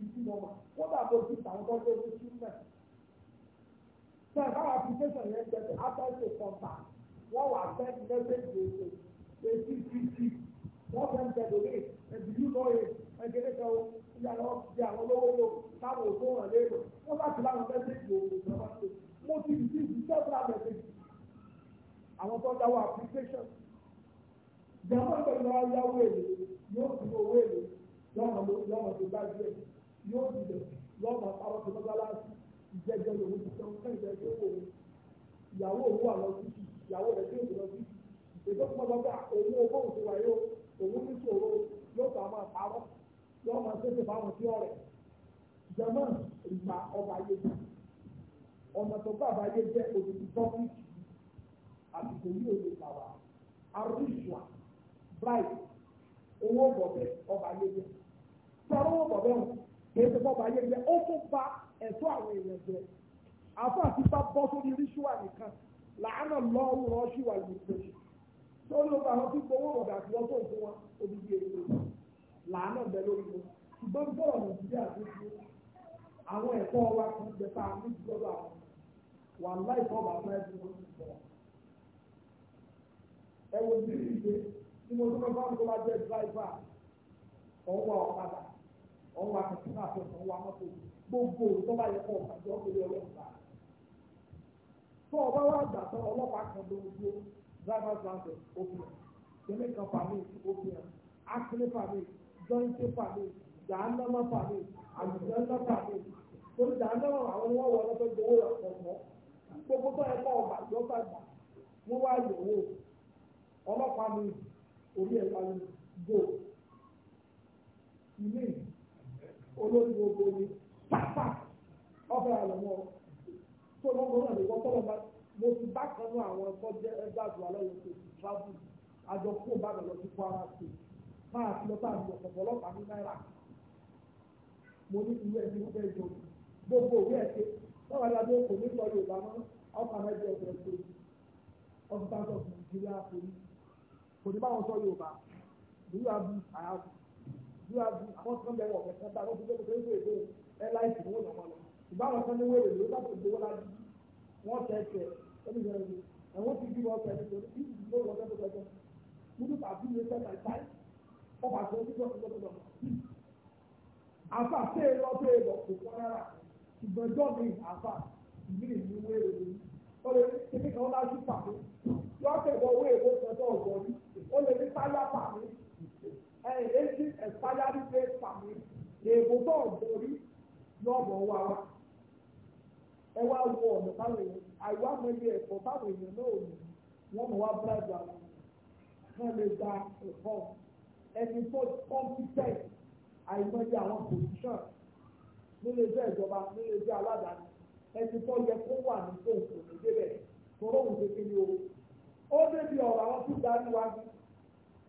mọ̀ wọ́n bá bó ti tàwọn tó tó ti mọ̀. Ṣé ẹ̀ka application yẹn jẹ́ pé after you contact wà send message to you say see see see wọ́n fẹ́ bẹ̀ lórí ẹ̀dùn yìí lọ́ yẹ ẹ̀gẹ́dẹ́ kan àwọn olówó lò táwọn òkú hàn lérò wọ́n bá ti láwọn message to ìjọba ṣe mo ti di ti several message àwọn tó dáwọ́ application ìjọba pẹ̀lú ayáwó èlé yóò fi owó èlé lọ́mọdé lọ́mọdé bá yóò ti bẹ̀ lọ́mọ àwọn tó mọ́sálásí ìjẹjẹ lòun ti sọ fún ìjẹ tó wò ó ìyàwó òun wà lọ sí ìyàwó rẹ̀ tí òun lọ sí ètò ìpọ́nlọ́gbà òun owó òun wà yóò òun ní ṣòro yóò fà máa parọ́ yóò máa ṣèṣe fáwọn tí ọ̀rẹ́ jẹmọ́ ìgbà ọba ayé jẹ ọmọ tó bá ọba ayé jẹ òtútù tọ́pìkì àsìkò yìí ò lè fà wá arúgbìṣùà bright owó bọ̀bẹ̀ ọba ayé jẹ tí kì í ṣe bọ́ba ayé jẹ́ ó tún ba ẹ̀tọ́ àwọn èèyàn jẹ́ àfa àti bá bọ́ sórí ríṣùà nìkan làánà lọ́wọ́ rọ́ṣùà lùdìdì tó ló bá wọn tí gbowó ọ̀dà àti wọ́n tó ń fún wọn odidi èyí e làánà bẹ lórí wọn ṣùgbọ́n bọ́ọ̀ nàìjíríà tó ti àwọn ẹ̀kọ́ wa kì í gbẹ̀ta ní ìgbọ́dọ̀ àwọn wà láì fọ́ bàbá ẹ̀ tó ń bọ̀ ẹ wo ní ìdíje tí mo tún bá ń tó bá jẹ́ dráìvà ọ̀wọ́ ọwọ́ akẹ́kọ̀ọ́ akwụkwọ ọwọ́ amọ́tò gbogbo tó bá yẹ kọ́ ọ̀kadì ọ̀kẹ́lẹ́ ọlọ́pàá tó ọba wa gbà tán ọlọ́pàá kan ló ń driver kan torí àwọn gbogbo tó yẹ gbà wọ́n wá ọlọ́pàá mi orí ẹ̀ olóòtú gbogbo ni pápá ọ̀fẹ́ àlọ́mọ́ tó lọ́gbọ́n náà lè wọ́pọ̀ lọ́ba mo ti bá kan nú àwọn ẹ̀kọ́ jẹ́ ẹgbẹ́ àdúrà lọ́yọ̀ tó ti travel àjọ fún ìbàdàn lọ sí Kwara State máa ti lọ bá àjọ ọ̀pọ̀lọpàá ní náírà mo ní ìlú ẹni ń fẹ́ jọ gbogbo òwe ẹ̀ṣẹ́ lọ́wọ́ alábẹ́ kò ní sọ Yorùbá mọ́ ọkọ̀ àmẹ́jọ ọ̀bẹ̀ tó ọ̀fíìsì of Nigeria police kò ní báwọn sọ Yorùbá ìlú àbú àyàbù ju adu àwọn tí wọ́n bẹ̀rẹ̀ ọ̀fẹ́ kan tá àwọn tó gbé kékeré tó ẹ láìsí owó náà wọn lọ ìbá wọn sọ ní wéèrè ló bá tó gbowó lájú wọn tẹ ẹsẹ ẹni yẹn ló àwọn ti bí wọn tẹ ẹni tó ní ìlú ló wọn tẹ tó tẹ múlù tàbí ilé tẹ náà táì ọba tó ń tó tó tó àfà tẹ ẹ lọ tẹ ẹ lọ kò kọ́ rárá ṣùgbọ́n jọ́ mi àfà ìbílẹ̀ ní wéèrè lórí ẹ̀yìn létí ẹ̀sáyárí pé pàmì èèbò tó ọ̀dọ́rí lọ́bọ̀ wá wá ẹ wá wo ọ̀nà táwọn èèyàn àìwá mẹ́lẹ̀ ẹ̀kọ́ táwọn èèyàn náà ò ní wọ́n mọ̀ wá bíráìdì àwọn wọ́n lè gba ẹ̀kọ́ ẹni tó competent àìmọye àwọn position nílé iṣẹ́ ìjọba nílé iṣẹ́ aládàáni ẹni tó yẹ kó wà ní fóònù òní débẹ̀ tọ́lọ́hùn kékeré o ó débi ọ̀rọ̀ àwọn tó darí wájú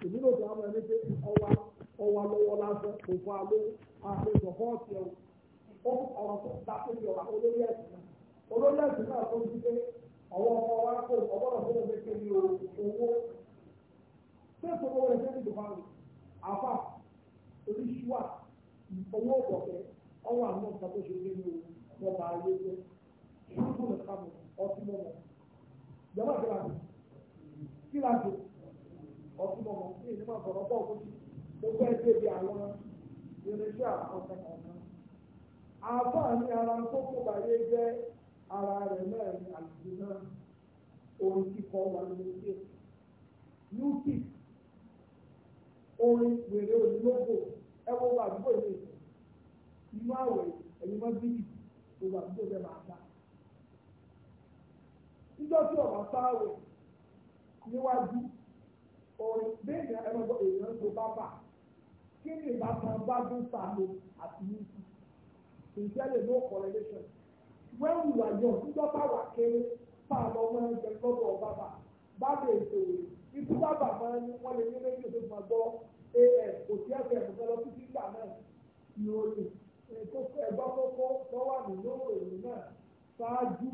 èmi ló sọ àwọn ẹni pé ọwa ọwa lọ́wọ́ lásán kò fọ àlọ́ àpéjọ fọ́ọ̀tì ẹ̀ ó ọ̀rọ̀ tó ta pé yọ olórí ẹ̀sìn náà olórí ẹ̀sìn náà tó ti pé ọwọ́ ọkọ wa kó ọgbọ́dọ̀ tó lè fi kiri owó ṣé ìṣòro rẹ̀ ṣe ní ìdùnnú àfà oríṣiwà owó ọ̀bọ̀kẹ́ ọwọ́ àwọn ọ̀sán tó ṣe kiri owó ọba ayé jẹ́ ṣùgbọ́n ìkàmù ọtí mọ́mọ́ ìjọba kí ọkùnrin ọmọ sí ìní máa sọ̀rọ̀ bọ́ọ̀ kó ti gbogbo ẹ̀ débi àwọn irinṣẹ́ àkọsẹ̀ ọ̀nà. àáfàá ní ara tó kó báyé jẹ́ ara rẹ̀ náà ní àlùjù náà orin kíkọ wà lórí ẹ̀. lùkì orin wèrè onílógò ẹ wo àdúgbò ilé ìfẹ́ inú àwẹ̀ ẹ̀yìn mọ́ bíbí gbogbo àdúgbò bẹ́ẹ̀ máa dá. níjọ́ tí ọ̀bà sáwẹ̀ níwájú orin bẹ́ẹ̀ni ẹgbẹ́ èèyàn tó bá bà kí ni ìbátan bá dún sàlọ àti yíṣu ìjẹ́lẹ̀ no correlation when we were young níjọ́ bá wà kéré fáàlọ́ wọn ẹgbẹ́ lọ́dọ̀ bàbà bàbà ètò rẹ̀ ikú bàbà máa ń wọ́n lè ní rédíò tó máa gbọ́ as kò sí ẹgbẹ́ ẹ̀fọ́ lọ títí ìgbà náà ìròyìn ẹgbẹ́ kókó tó wà nínú ìròyìn náà ṣáájú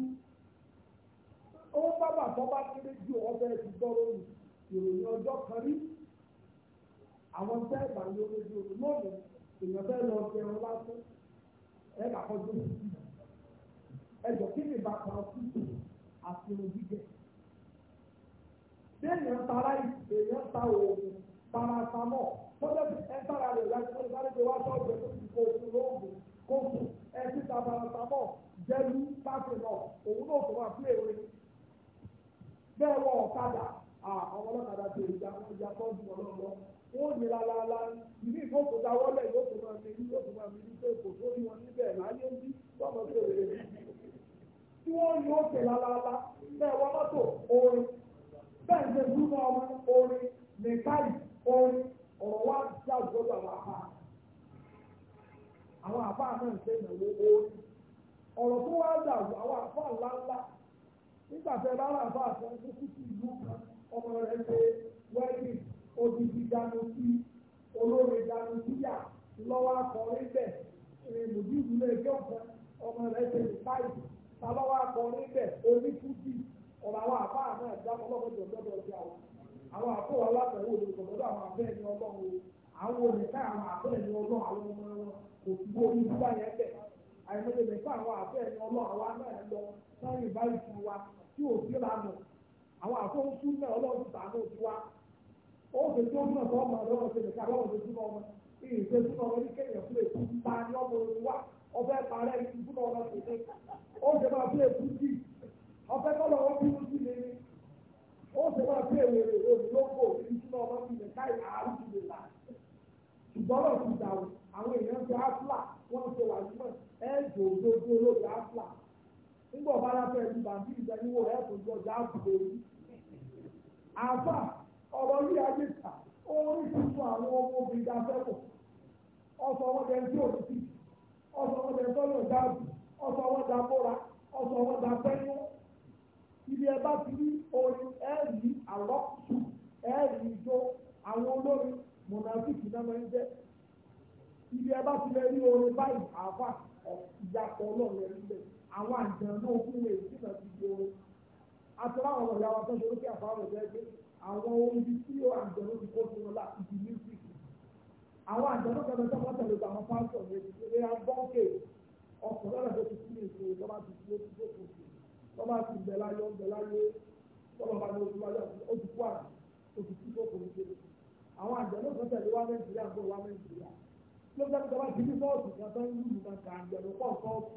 ó bàbà tó bá kéré ju ọbẹ̀ ti gbọ́ lónìí ìròyìn ọjọ́ kan rí àwọn tẹ́ ẹ̀bà ní olójú ogun lónìí èèyàn fẹ́ lọ sí ẹran lásán ẹ bà kọjú ẹjọ́ kí ni bàtà òkúta àti irun jíjẹ. Béèyàn tara èèyàn ta oògùn paracetamol tọ́jọ́ bí ẹ tára rẹ̀ láti fún ìbára ìgbé wá sọ́ọ̀bù ẹ̀ tó ti kó oògùn lóògùn kó fún ẹ títa paracetamol jẹ́lu pàṣẹ náà òun náà tó máa fi èrè bẹ́ẹ̀ wọ ọ̀kadà àwọn ọlọ́kadà tó ìjà wọn ìjà tó ń bọ̀ lọ́wọ́ ní ìní ìfọ́kùnta wọlé yóò máa ní yóò máa ní pé kò tó ní wọn níbẹ̀ láyé ń bí lọ́mọ tó rèé bí tí wọ́n ní ó tẹ̀ bẹ́ẹ̀ wọ́n orin bẹ́ẹ̀ ọmọ orin orin ọ̀rọ̀ wá já àwọn àwọn náà ń ṣe ìnáwó orin ọ̀rọ̀ tó wá dà àwọn ńláńlá ọmọ rẹ̀ ṣe wẹ́ẹ̀dì odidi dànù sí olóore dànù síyà lọ́wọ́ akọrin bẹ̀ mùdíìbù lè jọ kan ọmọ rẹ̀ ṣe ìpáìsì bàbá wa akọrin bẹ̀ onífúdì ọ̀rọ̀ àwọn àbá náà dáná lọ́kọ̀dọ̀ lọ́dọ̀ ọ̀dọ̀ àwọn àwọn alábẹ̀wò àwọn abẹ́ ọlọ́run àwọn àwọn àwọn ọmọ wọn kò àwọn akwụkwọ fún náà ọlọ́run ti sàánú wá ó ṣe tó náà tó ọmọ rẹ ọmọ ṣẹlẹ̀ ká ọlọ́run ṣe túnbọ̀ ọmọ ìyìn ṣe túnbọ̀ ọmọ ní kéèyàn fún èkú ta ọmọ wá ọbẹ̀ parẹ́ ọmọ ó ṣe máa fún èkú ọbẹ̀ ó ṣe máa fún èwèrè ọmọ ká là ṣùgbọ́n àwọn èèyàn ṣe áfúlà nígbà ọ̀bára fẹ́ ti bàbí ìdẹ́niwó rẹ̀ tó jọ jà àbúrò yìí. àfà ọ̀rọ̀ yìí ajé ta orí tuntun àwọn ọmọbìnrin dáfẹ́kọ̀ ọ̀sọ̀ ọmọdé tí ò ti ọ̀sọ̀ ọmọdé tọ́lọ̀ dáàbò ọ̀sọ̀ ọmọdé abóra ọ̀sọ̀ ọmọdé abẹ́yọ́ ibi ẹ bá ti rí orin ẹ̀rí àlọ́kùtù ẹ̀rí ìjó àwọn olórin mọ̀nàfíìkì náà máa ń jẹ́ ibi ẹ bá ti lè rí orin báyìí àfà ìyàpọ̀ ọlọ́run ẹ̀ àwọn àjàn náà fún lè sí ìgbà tí o àtọ́lá àwọn ọ̀rẹ́ àwọn tọ́jú lókè àfáwọn ọ̀rẹ́ pé àwọn ohun ibi tí ó àjàn ló ti kó fún wọn láti di music àwọn àjàn náà tẹ̀lé tọ́kọ́ tẹ̀lé tó àwọn pásítọ̀ yẹn ti ṣe é bọ́ǹkè ọkùnrin ọ̀rẹ́ tó ti kú lè ṣe lọ́ba ti kú ó ti kó fún un lọ́ba ti bẹ̀ láyé ó bẹ̀ láyé lọ́ba ni oṣù láyé ó ti kú àná ó ti kú fún un ṣe àwọn àjàn náà tẹ̀lé wá Nàìjíríà gbọ́ wá Nàìjíríà ló fẹ́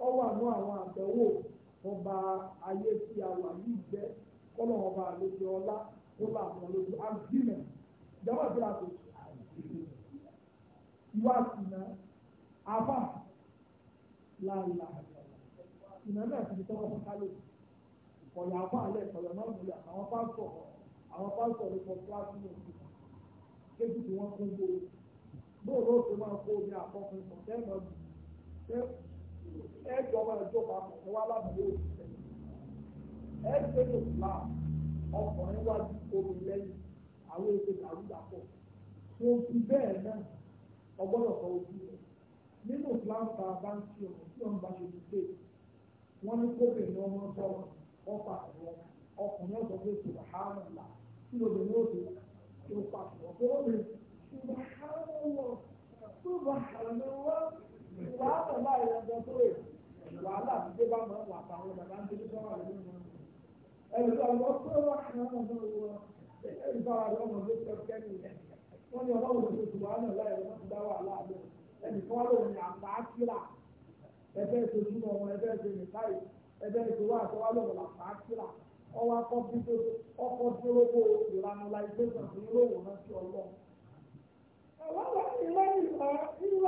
ọ wà ní àwọn àdánwò wọn ba ayé tí a wà yìí jẹ́ kọ́nà ọba àlejò ọlá ó là wọn lójú agreement ìjọba ìjọba àti ìwà ìsìnà àbá láàlá ìsìnà náà ti di tọ́wọ́ fún kálífù ọ̀yà àbá alẹ́ ìkọ̀yọ̀ náà múlẹ̀ àwọn pásítọ̀ àwọn pásítọ̀ ló fọ fúláṣí ní òkú kéjì tí wọ́n kún gbòòrò bóòrò máa kó omi àkọ́kùn sọ̀tẹ́ ìmọ̀ ẹjọ ọmọ ẹjọ papọ̀ ní wàhálà bíi òṣìṣẹ́ ẹjọ ní ìlà ọkùnrin wájú omi lẹ́yìn àwọn èdè àrùdàpọ̀ tó fi bẹ́ẹ̀ náà ọgbọ́dọ̀ sọ ojú rẹ̀ nínú ìlànà bá tí bá ṣe ti dé ní ní ọmọ àwọn ọkùnrin là ti tó ìwà àtọ̀lá ìrọ̀jọ tó rè wàhálà ti dé bá mọ́ wà táwọn bàbá ń tẹ́lẹ̀ sọ́wọ́ rẹ̀ nínú wọn. ẹ̀rù ọ̀rọ̀ tó wà ní ọmọ wọn ìbára rẹ̀ ọmọ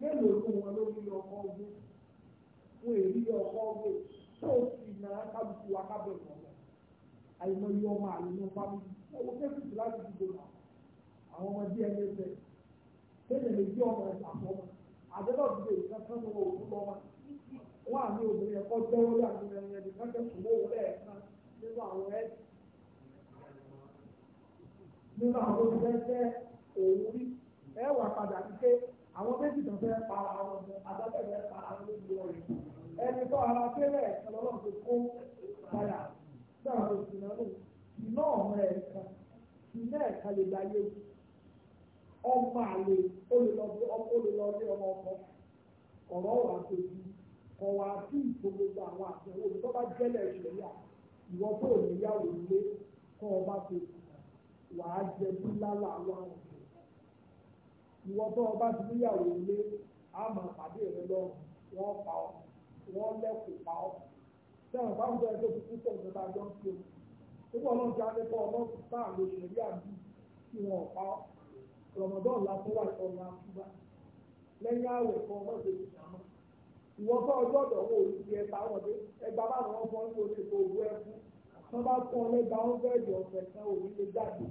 mélòó fún wọn ló rí ọkọ ogun wọn èrí ọkọ ogun tó sì náà kábùkù akábẹ̀ ìmọ̀lẹ̀ àìmọye ọmọ àìmọ fámìlì owó kéfìsì láti dìbò náà àwọn ọmọ díẹ̀ ní ẹsẹ̀ kéèyàn lè jẹ́ ọmọ ẹ̀sà fọmọ àdébọ̀ ti lè kankan ní owó òkú lọ́mọ wọn àmì obìnrin ẹ̀kọ́ jẹ́wọ́ lé àti ẹ̀yẹ ní kankan kò wọ́wọ́ lẹ́ẹ̀kan nínú àwọn ẹ̀ nínú àwọn olùdẹ́sẹ̀ òun rí ẹ̀ àwọn méjì tó fẹ́ para wọn adájọ́ fẹ́ para wọn ló gbọ́ rẹ̀ ẹni tó ara fẹ́rẹ̀ ọlọ́run tó kó padà náà ló sì náà lò iná ọmọ ẹ̀ka iná ẹ̀ka lè láyé ọmọ àlè olùlọ́dé olùlọ́dé ọmọ ọkọ ọ̀rọ̀ wà tó di ọ̀wà àti ìtò gbogbo àwọn àtẹ̀wò tó bá jẹ́lẹ̀ ìṣẹ̀lẹ̀ ìwọ́n tó níyàwó ilé kọ́ ọ bá tó wàá jẹ bí lálàá lọ́rùn ìwọ tó o bá ti níyàwó ilé á máa rẹ lọ́rùn wọ́n pa ọ́ wọ́n lẹ́kùn pa ọ́ sẹ́wọ̀n báwọn bẹ́ẹ̀ tó fi púpọ̀ nípa jọ ń fi o púpọ̀ náà ti alẹ́kọ̀ọ́ ọlọ́run tá à lè ṣẹ̀rí àbí kí wọ́n pa ọ́ rọ̀mọ̀dọ́n làkúrà ọ̀la fúbá lẹ́yìn àwẹ̀ kan ọlọ́dẹ ìjàmọ́ ìwọ tó ọjọ́ ọ̀dọ̀ wo ìdí ẹ̀ta wọn dé ẹgbàá bá wọn fọ́ ní oṣù tó wú ẹkú wọn bá fọ́ ọ lẹ́gbàá wọn fẹ́ẹ́ yọ ọ̀fẹ́ kan òní lè jáde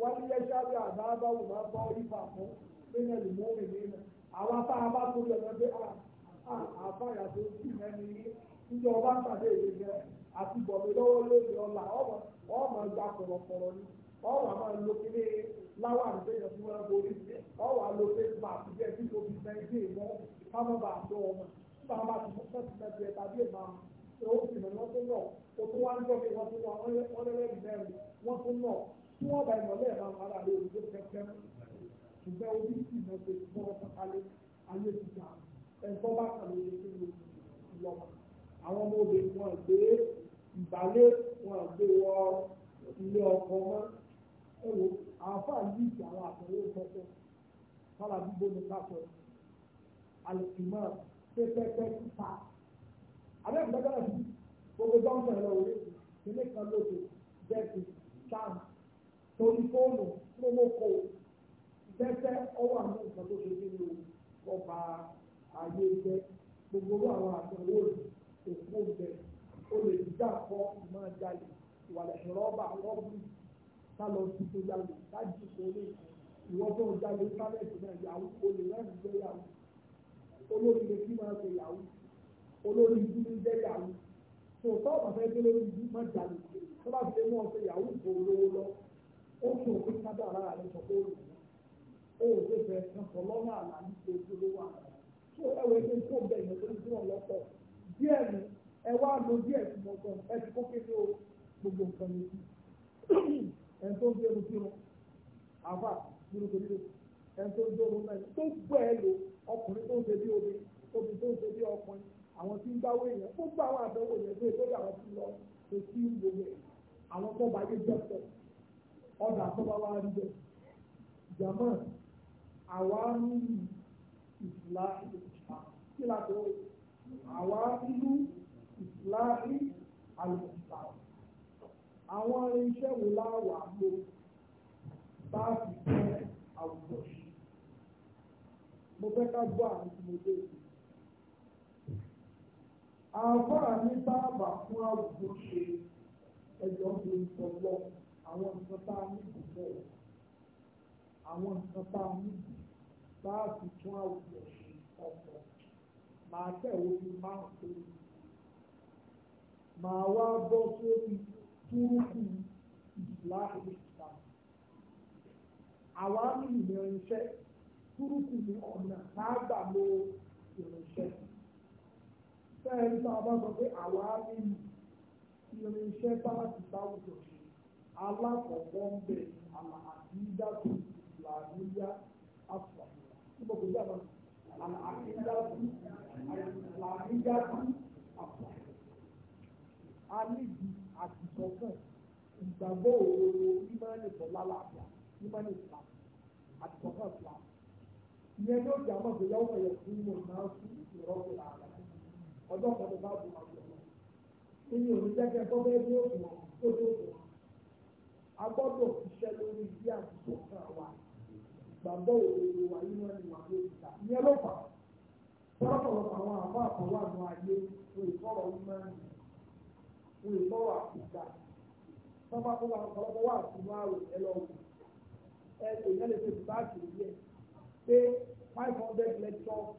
wọ́n ní yẹ́sàbí àdáàbá wò máa bá orí fà fún nínú ẹ̀lùmọ́ọ̀mì nínú àwọn tá a bá torí ọ̀nà pé ah, ah, àfàyà tó sì mẹ́ni ní níjọ ọba pàdé èyí jẹ àti bọ̀mí lọ́wọ́ lórí ọ̀la ọ̀mà gba kọ̀rọ̀kọ̀rọ̀ ni ọ̀wà máa lo kíní láwà àgbẹ̀yẹ̀ fún wọn borí ọ̀wà lo fésbà àtijọ́ ẹbí tó fi sẹ́yìn sí ìmọ̀ kámọ́bà àtọ́ ọmọ nígbà wọn bá ti mú fẹ́ẹ̀tì mẹ́tì ẹ̀ tàbí ìmọ̀ àwọn tó sì mọ̀ wọ́n tó nọ̀ tí wọ́n bá ìmọ̀lẹ́ máa máa rà lórí tó kẹ́kẹ́ ṣùgbọ́n orí sì náà ṣe fún ọkọ̀ alẹ́ alẹ́ ti ta ẹ̀fọ́ bá kà lórí tó lò lọ́mọ. àwọn ọmọ obìnrin wọn gbé ìbálé wọn gbé wọ ilé ọkọ mọ́ ẹ̀wò àáfàá yìí ti àwọn àtẹ̀wé pẹ́pẹ́ sára gbígbó ní káfọ́ alùpùpù pẹ́pẹ́pẹ́ ta. àbẹ́ ìgbàgbọ́ náà ti gbogbo gbọ́ngàn ẹ̀rọ òwe kìnnìkan lóde bẹ́ẹ̀ ti ṣáàmù torí fóònù mómókò dẹ́sẹ́ ọwọ́ àwọn nǹkan tó ṣe nínú ọba ayé jẹ́ gbogbo àwọn àtẹ̀wò òkú bẹ̀ ó lè dídá kọ́ máa jalè ìwàlẹ̀ ìrọ́bà rọ́bì sálọ sí tó jalè láti ìkórè ìwọ́tọ̀ jalè sálẹ̀sì náà yàwó olè lẹ́nu jẹ́ yàwó olórí lè kí máa jẹ yàwó olórí ibi ní jẹ́ yàwó tòótọ́ ọ̀bàfẹ́ gbélé ibi máa jalè tó bá fi lé mọ́ ọ̀sẹ̀ yàwó ìfowó lówó lọ́wọ́ ó tún òfin sábà lára rẹ̀ sọ pé ó lù ú ó ṣe fẹ́ kan sọ lọ́nà àlà ní ṣe ojúlówó àná tó ẹwẹ́ tó ń kó bẹ̀ yẹn tó ń dúró lọ́pọ̀ díẹ̀ ni ẹ wá lo díẹ̀ tí mo sọ ẹ ti kó kéde o gbogbo nǹkan yẹn sí ẹ tó ń gbé mu sínú àfà nínú kò nílò ẹ tó ń dóorun náà tó gbọ́ ẹ lò ọkùnrin tó ń ṣe bí obìnrin obìnrin tó ń ṣe bí ọkùnrin àwọn tí ń gbáwó èèyàn gbogbo àwọn àbẹ̀wò yẹn tó ń lọ àwọn tí ń gbogbo àwọn tó bá yé jẹ́ pọ̀ ọ̀dà tó bá wá rí bẹ́ẹ̀ jàmọ́ àwa ní ìfìlà ìlà tó àwa ìlú ìfìlà àlùfà àwọn irinṣẹ́ wo láwà lò bá fi fẹ́ àwùjọ sí mo fẹ́ ká gbọ́ àwọn tí mo dé ìlú àfọ́ àmì sábà fún àwùjọ ṣe ẹ̀jọ̀ ń sọ lọ́wọ́ àwọn nǹkan tá a níbi bẹ́ẹ̀ àwọn nǹkan tá a níbi bá a fi tún àwùjọ ṣe ọ̀pọ̀ màá tẹ̀wé bí márùn tó ní màá wá bọ́ sórí túrúkù ìsìláàmù ìsìláà àwa ní ìrìnṣẹ́ túrúkù ní ọ̀nà tá a gbà lo ìrìnṣẹ́ fẹ́ẹ́ ní bá a bá sọ pé àwa ní ìrìnṣẹ́ bá a ti bá àwùjọ ṣe alákọ̀ọ́kọ́ ń bẹ̀ àlàáfíìdàtò làníyá àfàlà níbo kò dábà àlàáfíìdàtò làníyá àfàlà. a níbi àtìkọ́kàn ìgbàgbọ́ òwòrò ìmọ̀lẹ̀ bọ̀lá làbà ìmọ̀lẹ̀ ìlà àtìkọ́kàn ìlà. ìyẹn ló jẹ́ àwọn ọ̀gbìn yàwó ẹ̀yẹ fún ìmọ̀ náà fún ìrọ́pò làbà ọjọ́ kan tó bá bù wọn lọ. ìyẹn ò ní jẹ́ kẹ́ tọ́ bẹ́ẹ̀ bí ó fún ọ tó tó fún a gbọ́dọ̀ ṣiṣẹ́ lórí bí àdúgbò kan wà ìgbàgbọ́ òdodo wà nínú ẹni wà ló ti ta ìyẹn ló fà pọ́lọ́pọ̀lọpọ̀ àwọn àbá àtọwọ́ àná ayé wọ́n ìfọ̀rọ̀ ìmọ̀ràn wọ́n ìfọ̀rọ̀ àkùgbà tọ́ba tó wà ọ̀pọ̀lọpọ̀ wà sínú àrùn ẹ lọ wò ẹ lè yẹn lè ṣe báàkì yẹ pé five hundred lectures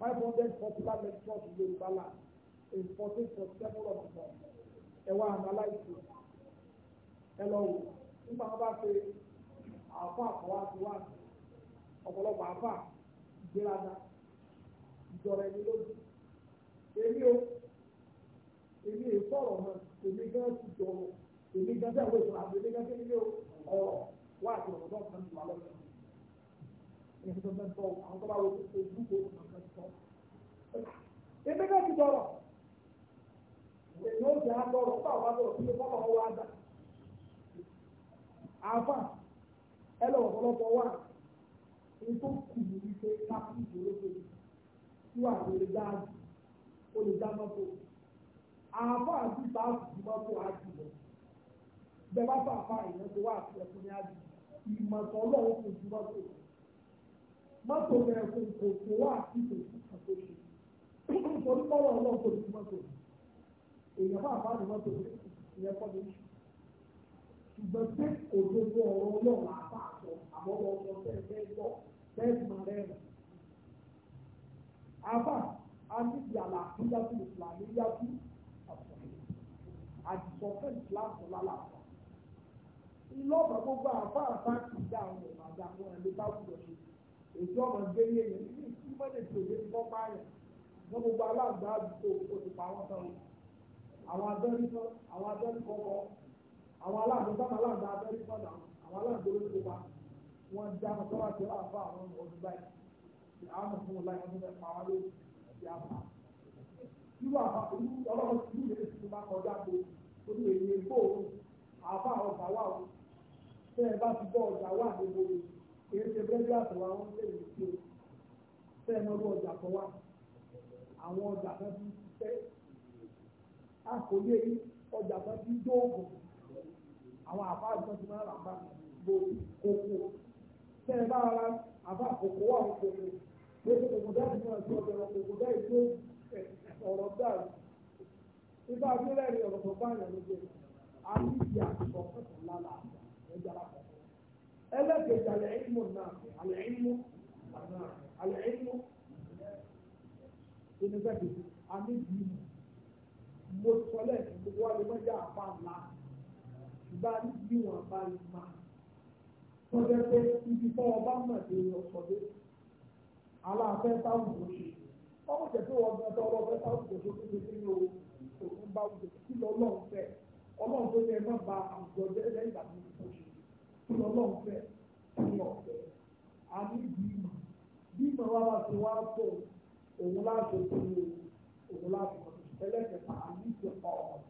five hundred popular lectures Yorùbá la in fourteen forty seven of them ẹ wá analyse it. ẹ nípa wọn bá ṣe àfọ àkọwá ti wá ọ̀pọ̀lọpọ̀ àfà ìgbéraga ẹni lójú èmi o èmi èsọ̀rọ̀ náà èmi gan ti jọrọ èmi gan tẹ̀ èmi gan ọ̀rọ̀ wá àti ọ̀rọ̀ náà kan wà lọ́wọ́ tó fẹ́ tọ́ àwọn tó bá ojú jọrọ èmi ó jẹ́ àtọ̀rọ̀ àbá ẹ wa ọ̀pọ̀lọpọ̀ wà ètò kù ní wípé káfí ìṣòro tó ní tí wà ló lè dáa jù ó lè dá mọ́tò àbá àti ìbáàbù ju mọ́tò àjù lọ bẹ́ẹ̀ bá bàbá ìyẹn tó wà àti ẹkùn ní àjù ìmọ̀tọ́ ọlọ́run kò ṣùgbọ́n pé òdodo ọ̀rọ̀ ọlọ́run apá àtọ̀ àmọ́ ọmọ bẹ́ẹ̀ bẹ́ẹ̀ gbọ́ bẹ́ẹ̀ mọ̀ rẹ̀. Àbá Adébí Àlàfí Yàtú Ìsìlámì Yàtú àdìsọ́fẹ́ ìsìlámù lálàfà. Ìlọ́ọ̀bà gbogbo àbá àbá ti dá àwọn ọ̀nà àti àwọn ẹ̀mí bá wùdọ̀ ṣe. Èso ọmọ gbé ní èyí ní ìmọ̀lẹ̀ tó lé ní bọ́pá yẹn. Wọ́n gbogbo aláǹgbá àdúgbò òṣùpá wọn tán. Àwọn abẹ́rẹ́ kan, àwọn àwọn aláàbò sábà aláàbò abẹ́rẹ́ padà àwọn aláàbò olóko wa wọ́n dá wọn sọ́wọ́ àti aláàbò àwọn ọdún báyìí ti àmọ̀ fún ọláyé wọn fẹ́ pa wọn lé ti àpá. irú àpá irú ọlọ́run ti ní ìrètí tó bá kọjá pé orí èyí èkó àpá ọgbà wà ó tẹ́ ẹ bá ti bọ́ ọjà wà gbogbo èyí ṣe bẹ́ẹ̀ bí àtọ̀wá wọn lè rí sí o tẹ́ ẹ mọ́ àwọn ọjà kan ti dóògùn àwọn àfáàrí tó ti máa rà bá gbogbo kókó tẹ́ ẹ bá ara àbá kókó wà ní kókó lóṣù kókó dáàbì náà sí ọ̀dọ̀ ọ̀rọ̀ kókó dáàbì tó ọ̀rọ̀ dáàbì nígbà tí lẹ́rìí ọ̀rọ̀ tó bá yàn lóde àti ìdí àtìkọ́ fẹ́fọ̀ lára ẹja lápapọ̀ ẹlẹ́gbẹ̀ẹ́jà alẹ́ ìmú náà alẹ́ ìmú alẹ́ ìmú ìnìfẹ́ àmì ìdí mo sọ lẹ́ẹ̀kì gbogbo wa lè mọ́jà àpá ńlá bá bí wọn bá lè má tó jẹ́ pé ibi tó ọba mọ̀ dé ọ̀sọ̀ dé aláàfẹ́ táwọn ò ṣe ọmọ jẹ́ pé wọ́n gbọ́dọ̀ ọlọ́fẹ́ táwọn ò ṣe tó ṣe ní òun bá wùdó kí lọ́lọ́run fẹ́ ọlọ́run tó ní ẹ má ba àwùjọ jẹ́ lẹ́yìn ìgbà tó ṣe kí lọ́lọ́run fẹ́ kí ọ̀fẹ́ àní bímọ bímọ wa wá sí wá tó òun láti tó òun láti mọ̀ ẹlẹ́kẹ̀ta àní ìṣẹ̀pọ̀ ọ̀rọ̀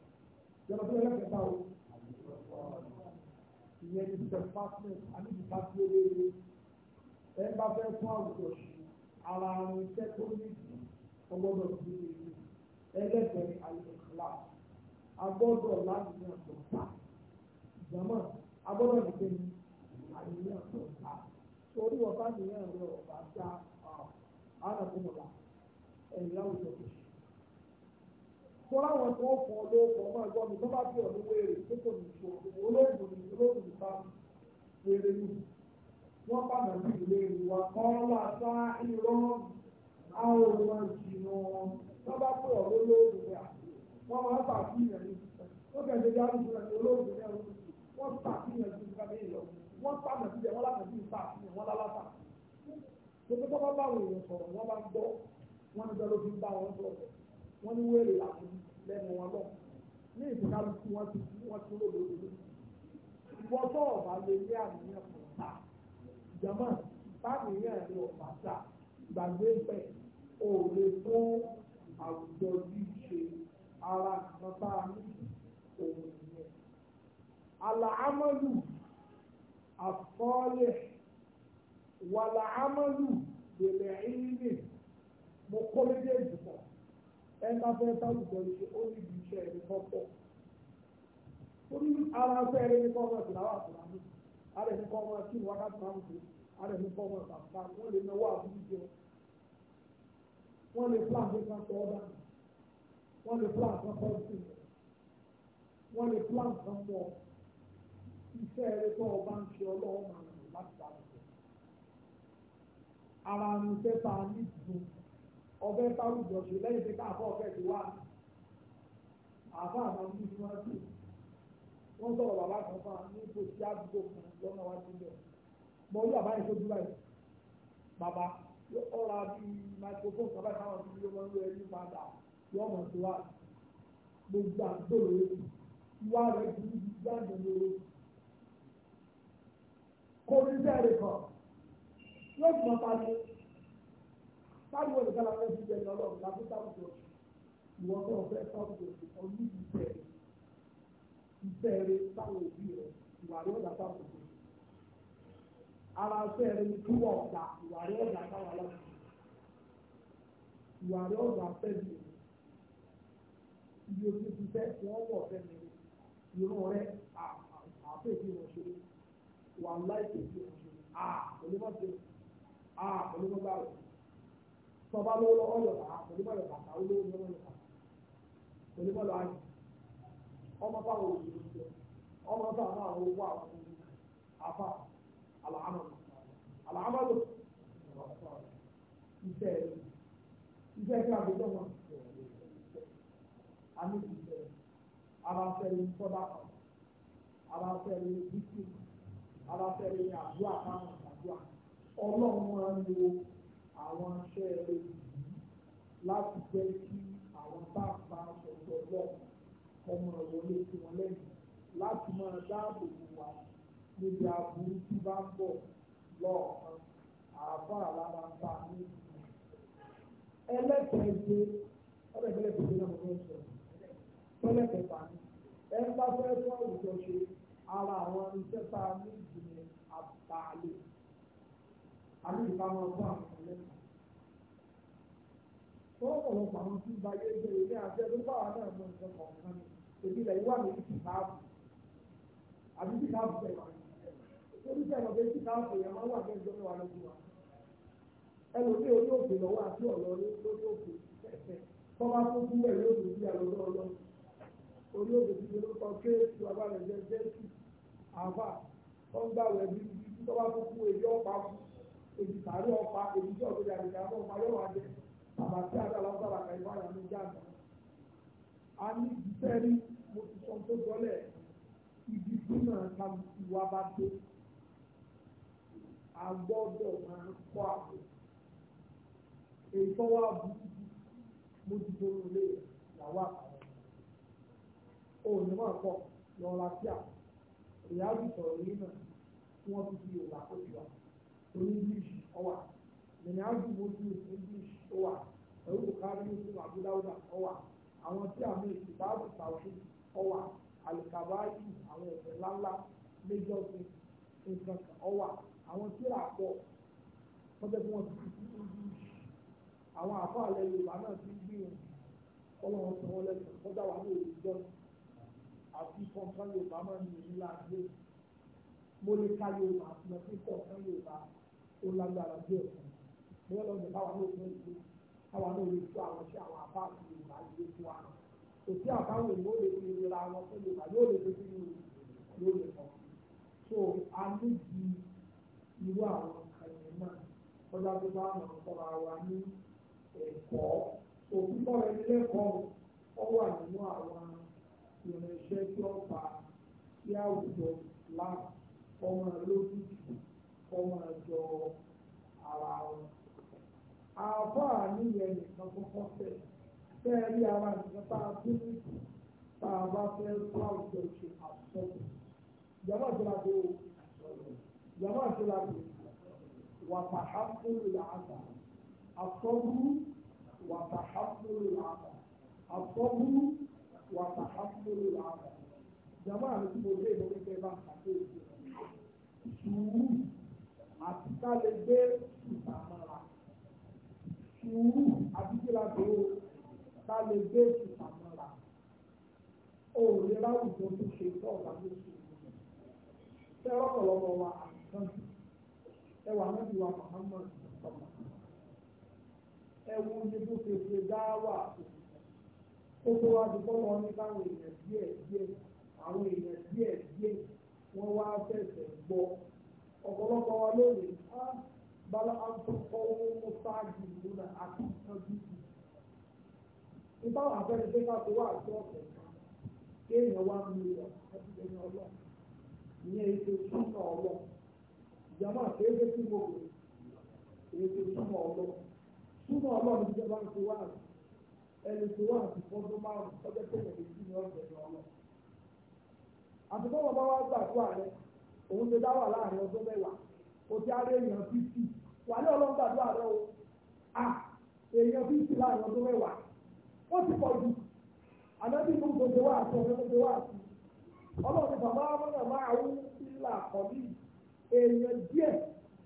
jẹ́ ìyẹn ní department àbí ìpàdé olóore ẹ bá fẹ́ fún àwùjọ ara àwọn iṣẹ́ tó ní ọgbọ́dọ̀ sí ilé ẹlẹ́gbẹ̀ẹ́ àyẹ̀kọ́lá agbọ́dọ̀ láti ní àtọ̀tà ìjàmọ́ agbọ́dọ̀ nìkan ní àyẹ̀yẹ̀ àtọ̀tà torí ọ̀tá nìyẹn rẹ̀ ọ̀bá já àràbùmọ̀lá ẹ̀yìn àwùjọ tó ṣe. Fọláwọn tó fọ ló fọ ọmọ ẹ̀gbọ́n mi tó bá bí ọdún wéèrè tó kò ní ìṣòro olóògùn ní olóògùn péré nù wọ́n padà sí ìlé ìwà ọlọ́wà sá irọ́ àwọn olùwà ìṣìnà wọ́n bá pè ọ̀rọ̀ lóògùn rẹ̀ ah, wọ́n máa ń pàṣíyàn ní wọ́n kẹ̀lé bí arúgbó rẹ̀ olóògùn rẹ̀ wọ́n pàṣíyàn sí ìgbà mi lọ wọ́n pàṣẹ síbẹ̀ wọ́n láti sí ìpàṣíyàn wọ́n lálátà gbogbo tó bá bá àwọn èèyàn sọ̀rọ̀ wọ́n bá gbọ́ wọ́n ní bẹ́ẹ̀ ló fi bá wọn sọ̀rọ̀ wọ́n ní wéèrè làkúnú lẹ́nu wọn lọ ní ìtìkálukú wọn ti wọ́n ti lóògùn ìwọ tó ọ̀bà lè ní àníyàn kò ta jọmọ báníyàn rẹ ọ̀bà ta gbàgbé pẹ̀ o lè fún àwùjọ ṣíṣe ara kan bá a ní òun yẹn. àlàámọ́lù àkọọ́lẹ̀ wàlàámọ́lù bèlè ìrìnnì mo kọ́ méjèèjì pọ̀ ẹ bá fẹ́ bá ṣe ó níbi iṣẹ́ ẹ̀rí kọ́kọ́ torí ara sẹ́ẹ̀rẹ́ ní kọ́mọ̀ sí làwọn àtúrà mú ara ní kọ́mọ̀ sí wákàtí máa ń fi ara ní kọ́mọ̀ sàfà wọ́n lè náwó àbúrú jẹ wọ́n lè plan fún kan tọ́ dà wọ́n lè plan fún kan sí wọ́n lè plan fún mọ́ iṣẹ́ eré tó ọba ń ṣe ọlọ́wọ́ máa ń lò láti bá wọn. ara ń fẹ́ ta ní ìdùn ọbẹ̀ táwùjọ ṣe lẹ́yìn pé káàkọ́ ọ̀fẹ́ ti wá àbá àwọn ọmọ ìdúró wọ́n sọ̀rọ̀ bàbá kan fún wa ní ipò tí àdúgbò kan lọ́nà wá sí ibẹ̀ mọ orí bàbá yẹn tó dúró yìí bàbá ọ̀rọ̀ àbí microphone bàbá táwọn ti yọ wọn lọ ẹni padà yọ ọmọ tó wá gbogbo àgbòrò rẹ ìwà rẹ burú ju gbàgbé lórí kò ní bẹ́ẹ̀rẹ̀ kan yóò tún máa pariwo pariwo nìkan la fẹ́ fi jẹ ní ọlọ́run láti sáwùjọ ìwọ́n tó ọ̀fẹ́ sáwùjọ ọ̀yìn ìfẹ́ ìfẹ́ẹ̀rẹ́ sáwọn òbí rẹ̀ ìwà rẹ̀ ọ̀dà sáwọn òbí rẹ̀. ara fẹ́ẹ̀rẹ́ ní túwọ̀ ọ̀dà ìwà rẹ̀ ọ̀dà sáwọn aláṣẹ. ìwà rẹ̀ ọ̀dà fẹ́ẹ̀rẹ́ rẹ̀. ibi òfin ti fẹ́ wọ́n wọ̀ fẹ́ẹ̀rẹ́ rẹ̀. irun rẹ̀ àfẹ́ẹ̀fẹ́ wọn ṣe wà láìpẹ́ fi wọn ṣe à pẹ̀lú má ṣe à pẹ̀lú má bá rẹ̀. tọ́ba lọ́wọ́ ọ̀yọ̀ bàá pẹ̀lú má yọ̀ bàtà ó lówó ọmọ báwo ló ń jẹ ọmọ bá àwọn àwọn owó àwọn afa àlàámà àlàámà lò iṣẹ́ iṣẹ́ kí àgbẹjọ wọn àmì iṣẹ́ aláfẹrẹ sọdá kan aláfẹrẹ bíkì aláfẹrẹ àdúrà káwọn àdúrà Ọlọ́run máa ń lo àwọn aṣẹ rẹ láti jẹ́ kí àwọn bá bá ṣọṣọ lọ́wọ́ ọmọ ìwọlé tí wọ́n lẹ́yìn láti máa dáàbò bò wá níbi aburú tí bá ń bọ̀ lọ́ọ̀kan àáfàá lára ń bá ní ìlú. ẹlẹ́kẹ̀ẹ́gbẹ́ ọ̀rẹ́gbẹ́lẹ́ tó gbé náà mo fẹ́ sọ tọ́lẹ̀kẹ̀fà ni ẹ ń bá fẹ́ fún àwùjọ ṣe ara àwọn iṣẹ́ tá a ní ìjìnlẹ̀ àbàlẹ̀ àbí ìpamọ́ fún àwọn ẹlẹ́kọ̀ọ́ fọ́ọ̀pọ̀lọpọ̀ àwọn tí ń ba ayé jẹ́ ilé àjẹ́ ló bá náà mọ nǹkan kọ̀ọ̀kan ni èmi rẹ̀ wà ní ti káàbù àbí ti káàbù bẹ̀rẹ̀ torí sẹ́yìn ọ̀bẹ ti káàbù yẹn máa wà ní ẹjọ́ mẹ́wàá lójú wa ẹlòmíì orí òkè lọ́wọ́ àti ọ̀lọ́ lórí òkè tọ́ba tó kú ẹ̀ yóò dùn bí àlọ́dọ́ ọlọ́ orí òkè ti fi lóko kéèkì bàbá rẹ̀ jẹ́ jẹ́kì àbá tó ń gbàwé bí tọ́ba tó kú èyí ọ̀pá èyí tààrí ọ̀pá èyí tí ọ̀gbẹ́dẹ àgbẹ̀dẹ àbọ̀ ọ̀pá yóò wá jẹ bàbá tí àdàlọ́ sábà kàìfà yà ní jáàmù. a ní ìdísẹ́rí mo ti sọ tó gbọ́lẹ̀ ibi gbígbà kálukú wa bá dé a gbọ́dọ̀ máa kọ́ àbò èyí tó wà bùkù mo ti tó lè làwọn àkàrà òní máa kọ́ lọ́ra sí àbò ìyá àbùsọ̀ yìí náà tí wọ́n fi fi òlà kó tiwa torí english ọwà ìrìn àjò mojú english ọwà ẹ̀rù bùkárí ní ìlú àbúdáwùdà ọwà àwọn tí àmì ìbáàbù tàwọn ìlú ọwà àlùkàbáyì àwọn ẹ̀sẹ̀ ńláńlá major things nǹkan kan ọwà àwọn tíra pọ̀ tọ́jọ́ bí wọ́n ti fi kú àwọn àfọ àlẹ́ yorùbá náà ti ń gbìyànjú kọ́lọ́wọ́n sọ wọ́n lẹ́sẹ̀ kọjá wà ní òwe jọ́ àti kọ̀ọ̀kan yorùbá máa ń yẹn nílá gbé mo lè ka yorùbá lọ sí kọ̀ọ̀kan yorùbá ó lágbára bí ẹ̀sìn mo yẹ lọ́dọ̀ báwa ní òwe ìlú báwa ní òwe ìlú àwọn iṣẹ́ àwọn àfọ àti yorùbá ìlú wa náà kò àbáwò ìwé ó lè fi ìrora wọn fún mi yóò lè fi sínú yóò lè kọ so a ní di irú àwọn kàyẹn náà kọjá tó bá mọ ọ̀rọ̀ àwa ní ẹ̀kọ́ so púpọ̀ rẹ nílé ọ wà nínú àwọn irinṣẹ́ tí ó fa sí àwùjọ láàbù ọmọ lójú ọmọ ẹjọ ara wọn àbá níyẹn nìkan kọ́kọ́ fẹ́ẹ́ fẹ́ rí ara nǹkan tá a bí ní tá a bá fẹ́ bá òjò ṣe àtọ́kù. Ìjọba ìṣẹ̀lá ti o, ìjọba ìṣẹ̀lá ti wà tàhámúlù làásà, àtọ́kù wà tàhámúlù làásà, àtọ́kù wà tàhámúlù làásà. Ìjọba àti mo lé ìwé kẹ́kẹ́ bá kàdé ìwé. Sùúrù àti ká lè gbé ìtàmọ́ra. Sùúrù àti kí la dòó bá lè gbé èsì pàmòrà o ò lè ráwùjọ tó ṣe tó ọ̀gá ló ṣe ìwé ṣé ọlọ́pọ̀lọpọ̀ wa àìsàn ẹwà náà ti wà Muhammad ọmọ ẹwù ní tó ṣe ṣe dáwà ó tó wá ti kọ́kọ́ ní káwọn èèyàn díẹ̀ díẹ̀ àwọn èèyàn díẹ̀ díẹ̀ wọ́n wá fẹ̀sẹ̀ gbọ́ ọ̀pọ̀lọpọ̀ wa lónìí ah, bala àtúkọ̀ owó mọ́tàgì lónà àti ìtọ́jú nípa àwọn afẹ́ni pé ká tó wà àti ọ̀sẹ̀ kéèyàn wá ń lu ọtí ẹni ọlọ́ ìyẹn ètò ìsúná ọlọ́ ìjàmọ́ àkéèké tí mo gbé ètò ìsúná ọlọ́ ìsúná ọlọ́ ìjọba ti ẹni tó wà márùn ọjọ́ tó yẹ kí ọlọ́ àtúntò gbà tó òun ti dá wà láàrin ọdún mẹ́wàá ó ti èèyàn fífì wọ́n ti pọ̀ jù ànábì ló ń gbèsè àti ọ̀rẹ́ gbèsè wá àti ọlọ́run ní bàbá mọ́nà máa ń ilà èèyàn díẹ̀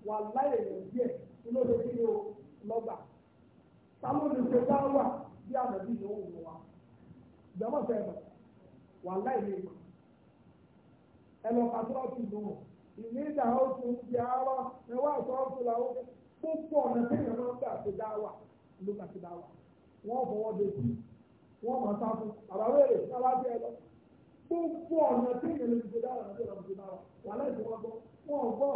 wà láì èèyàn díẹ̀ inú kí ni o lọ́gbà táwọn olùsọ bá wà bí ànábì ló wà ìní ìdá ọtún ti àárọ̀ ọtún làwọn gbogbo ọ̀nà tí máa ń gbà ti dá wà wọ́n fọwọ́ de kù wọ́n máa sá fún àbáwérè sábàbí ẹ lọ gbogbo ọ̀nà tí èèyàn lè fi dára àti ọ̀nà fi dára wà láìsí wọn gbọ́ wọn ò gbọ́.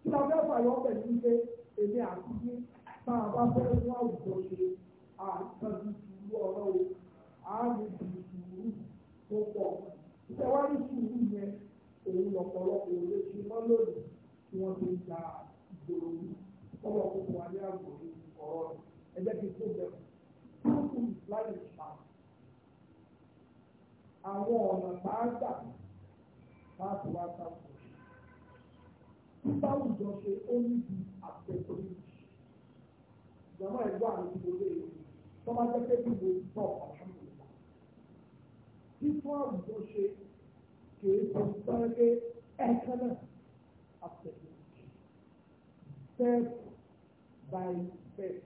tí a fẹ́ fàyọ̀ ọ̀bẹ ní pé èmi àti bí tá a bá fẹ́ fún àwùjọ ṣe àtàbí ìlú ọ̀rọ̀ o àmì ìlú tó pọ̀ ìtẹ̀wájú sùúrù yẹn òun lọ̀pọ̀lọpọ̀ òun lè ṣe mọ́ lónìí tí wọ́n ti ń da yìí ọwọ́ gbogbo wa ní àgbò ọ̀rọ̀ ẹgbẹ́ ti tó bẹ̀rẹ̀ kúrúkú láyé ìpa àwọn ọ̀nà máa ń gbà máa tó wá sáfù báwùjọ ṣe ó ní di àtẹ̀tọ́rí ìjọba ẹ̀gbọ́n àti ìdílé tọ́ba jẹ́kẹ́ bí mo tọ̀ ọ̀ṣun ìgbà títún àwùjọ ṣe kìí ṣe sáré ẹ̀kẹ́ náà àtẹ̀tọ́rí. by birth.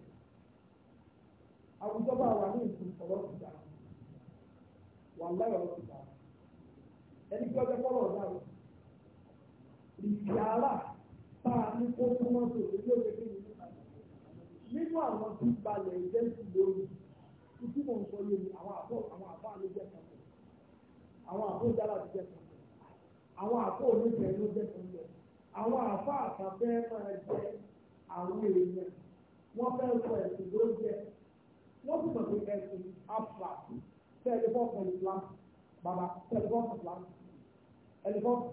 Àwùjọ bá wà ní ìsìn ọ̀rọ̀ Wà ọ̀rọ̀ Ẹni tí ọjọ́ ọ̀dà rẹ̀. bá a ní kó tó lórí òkèké Nínú àwọn tí balẹ̀ sí lórí, títí mò ń sọ àwọn àbọ̀ àwọn àbọ̀ àlọ́ jẹ́ kan. Àwọn àbọ̀ ti jẹ́ kan. Àwọn àbọ̀ ló jẹ́ kan àwọn èèyàn wọ́n fẹ́ sọ ẹ̀sìn ló ń jẹ́ wọ́n sì sọ pé ẹ̀sìn afra tẹlifọ́ọ̀fù islam bàbá tẹlifọ́ọ̀fù islam ẹlifọ́ọ̀fù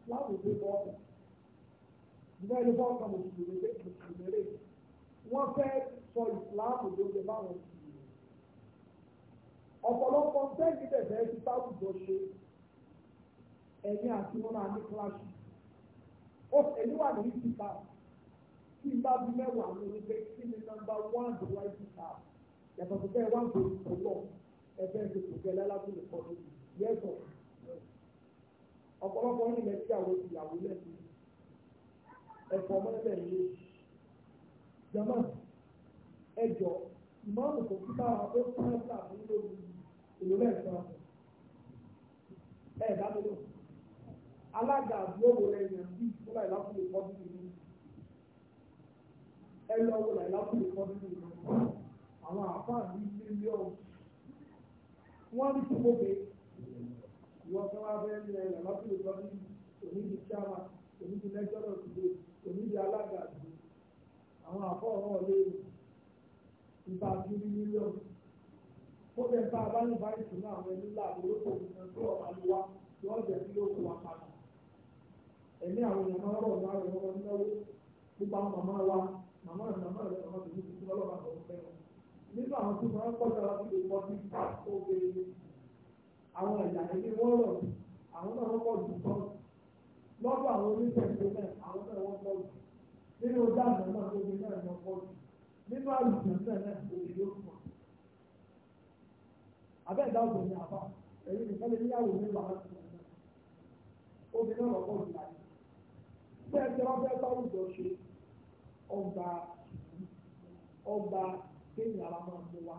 islam ò dé bọ́ọ̀fù ìgbà ẹlifọ́ọ̀fù mùsùlùmí lè mùsùlùmí lè wọ́n fẹ́ sọ islam ò dé báwọn mùsùlùmí ọ̀pọ̀lọpọ̀ sẹ́yìn tẹ̀sẹ̀ ti táwùjọ ṣe ẹ̀yìn àti wọn máa ní kíláàsì ó ẹ̀yìn wà ní ìtìkáàsì tí n bá bí mẹ́wàá ló ń gbé kí ni nọ́mbà one the right to have yàtọ̀ tó bẹ́ẹ̀ wọ́n gbòòrò tó lọ ẹgbẹ́ ti kò gẹ́lẹ́ lábúlé kọ́ lórí yẹ́sọ̀ ọ̀pọ̀lọpọ̀ ní ilẹ̀ tí àwọn ìyàwó lẹ́sìn ẹ̀fọ́ mọ́lẹ́lẹ̀ yìí jama ẹjọ́ ìmọ̀ọ́nù kò kí báwa ó kọ́ ẹ̀ka àbúrò ìlú lẹ́sàn ẹ̀ dábìlò alága àbúrò wo lẹ́yìn àbí ìfúnra ìlàkùnrin kọ́ bí ẹyọ ọwọ́ làyà kù lè kọ́ ìlú àwọn àfáà ní mílíọ̀nù wọ́n ní kí gbogbo ìwọ́n wá bẹ́ẹ̀ ní ẹ̀yà lọ́kù lè kọ́ nínú onídìí sáwà onídìí lẹ́jọ́rọ̀ tìlé onídìí alága àti àwọn àfáà ọ̀rọ̀ lè ìbá bí ní mílíọ̀nù ó bẹ̀ bá abáyọ̀bá ìtùnú àwọn ẹni láàbò lóko tó ọ̀pá ló wá lọ́ọ̀dẹ̀ tí ló kó wa padà ẹ̀mí àwọn èèyàn máa ń rọ̀ láàrin ọmọ náwó gbogbo àwọn màmá wa màmá rẹ̀ màmá rẹ̀ màmá rẹ̀ ló ti lọ́wọ́ àbọ̀ fẹ́ wọn. nínú àwọn tó máa ń pọ̀ sára tó lè pọ̀ sí oge àwọn ẹ̀yà ilé wọ́n rọ̀ àwọn náà wọ́n pọ̀ jù tán lọ́dọ̀ àwọn oníṣẹ́ṣe náà àwọn náà wọ́n pọ̀ jù nínú dáàbò náà oge náà wọ́n pọ̀ jù nínú àlùjọ náà náà oge yóò fún wa. abẹ́ ìdáàbò ni àbá èyí nìkan lè níyàwó nínú àwọn obìnrin náà wọ́n ọba ọgbà kéèyàn ara máa mú wa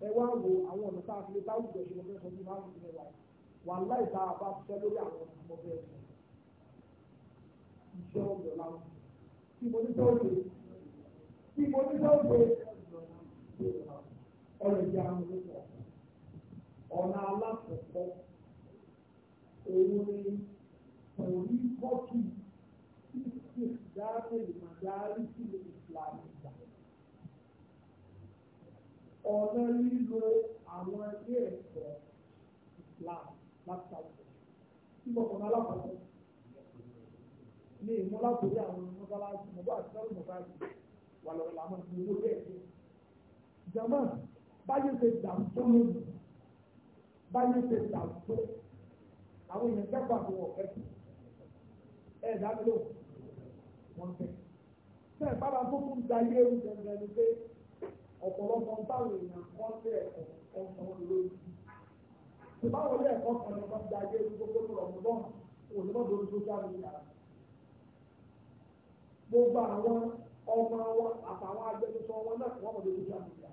ẹ wo àwọn ọ̀nà tá a fi lè bá ìjọ ṣe lọ́fẹ́ sọ ní máa ń fi wà láì tá a bá fẹ́ lórí àwọn ọ̀nà tí sọ iṣẹ́ ọ̀dọ̀ láwọn tí mo ní tó tí mo ní tó ìdáàbò ìmọ̀dáàrí sí ìsìlámìgbà ọ̀nà lílo àwọn ilé ẹ̀kọ́ islam láti àwùjọ tí mo kàn alákọ̀ọ́kọ́ ní ìmúlákòrí àwọn mọ́sálásí mọ́bá àti sọ́rọ̀ mọ́sálásí wà lọ́rọ̀ làwọn ti owó bẹ́ẹ̀ tó jama báyé ṣe dà tó lónìí báyé ṣe dà tó àwọn èèyàn kẹ́kọ̀ọ́ àti wọ̀ ẹ̀kú ẹ̀ dá wọ́n tẹ̀. Ṣé ìpàdà tó kún da ilé ewu gẹ̀gẹ̀ ni pé ọ̀pọ̀lọpọ̀ táwọn èèyàn kọ́ sí ẹ̀kọ́ ọ̀sán lórí. Ìbáwọ̀ ilé ẹ̀kọ́ kan ni wọ́n da ilé Gbogbo àwọn ọmọ wọn àtàwọn agbẹnusọ wọn náà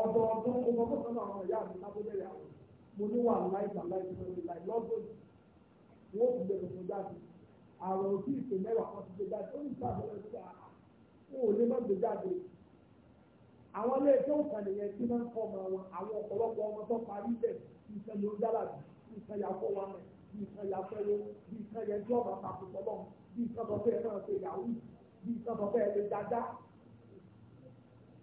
Ọ̀dọ̀ọ̀dún ọmọ àwọn ìyá mi mo ní wà láì àwọn òbí ìpè mẹ́wàá kan ti gbé jáde ó ní ìgbà àbẹ̀rẹ̀ sí àhà ó ò lè má gbé jáde. àwọn ilé ẹjọ́ ìkànnì yẹn tí wọ́n ń kọ́ ọmọ wọn àwọn ọ̀pọ̀lọpọ̀ ọmọ tó parí bẹ̀ nǹkan ló ń dára bí nǹkan yà fọ́ wa mẹ́ nǹkan yà fẹ́ wo bí nǹkan yẹn tí ọmọ àpapọ̀ lọ bí nǹkan bọ̀ bẹ́ẹ̀ náà ṣe yàwó bí nǹkan bọ̀ bẹ́ẹ̀ lè dáadáa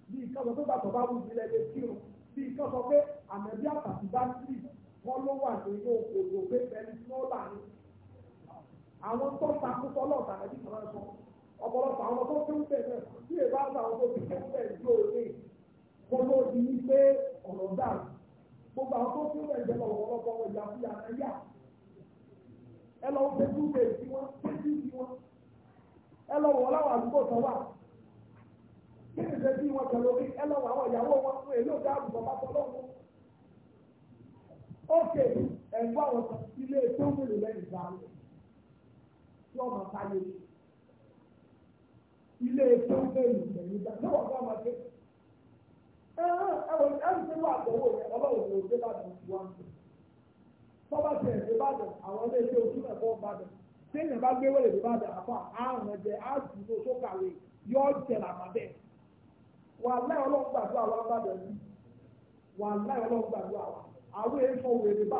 bí nǹkan bọ̀ bẹ́ẹ̀ bá wù sílẹ̀ lè kírun bí nǹkan bọ̀ bẹ́ẹ̀ àmẹ́bí àtàkùn bá ń tì kọ́ ló wà nínú òkòtò pé fẹ́ni tí wọ́n là ní àwọn tó takú sọlọ tàbí sọ̀rọ̀ ẹ̀sọ́ ọ̀pọ̀lọpọ̀ àwọn tó fi ń bẹ̀ bá tó fi bẹ̀ jó di ọ̀rọ̀ dà gbogbo àwọn tó fi ń bẹ̀ jẹ́ lọ ọ̀pọ̀lọpọ̀ wọn ìyá fúyà náà yà ẹ lọ wọ́n fẹ́ẹ́ túbẹ̀ sí wọn tẹ́tí sí wọn ẹ lọ láwọn àdúgbò wà kí ni wọn tí ọmọ sáyé ilé epo ilé ìgbẹ́ nígbà tí wọ́n bá máa dé. ẹ̀rọ ẹ̀rù tó wà àgbọ̀wọ́ rẹ̀ ọlọ́run ló dé bàdàn sí wa. tọ́ba tẹ̀ dé bàdàn àwọn ilé iṣẹ́ ojú ẹ̀kọ́ bàdàn téèyàn bá gbé wẹ̀lẹ̀ dé bàdàn àpá àrùn ẹ̀jẹ̀ àdúgbò sókàwé yọ jẹ̀ làmàbẹ̀. wà láì ọlọ́run gbàdúrà wa bàdàn yìí wà láì ọlọ́run gbàdúrà wa àwọn èèyàn fọwọ́ èrè bá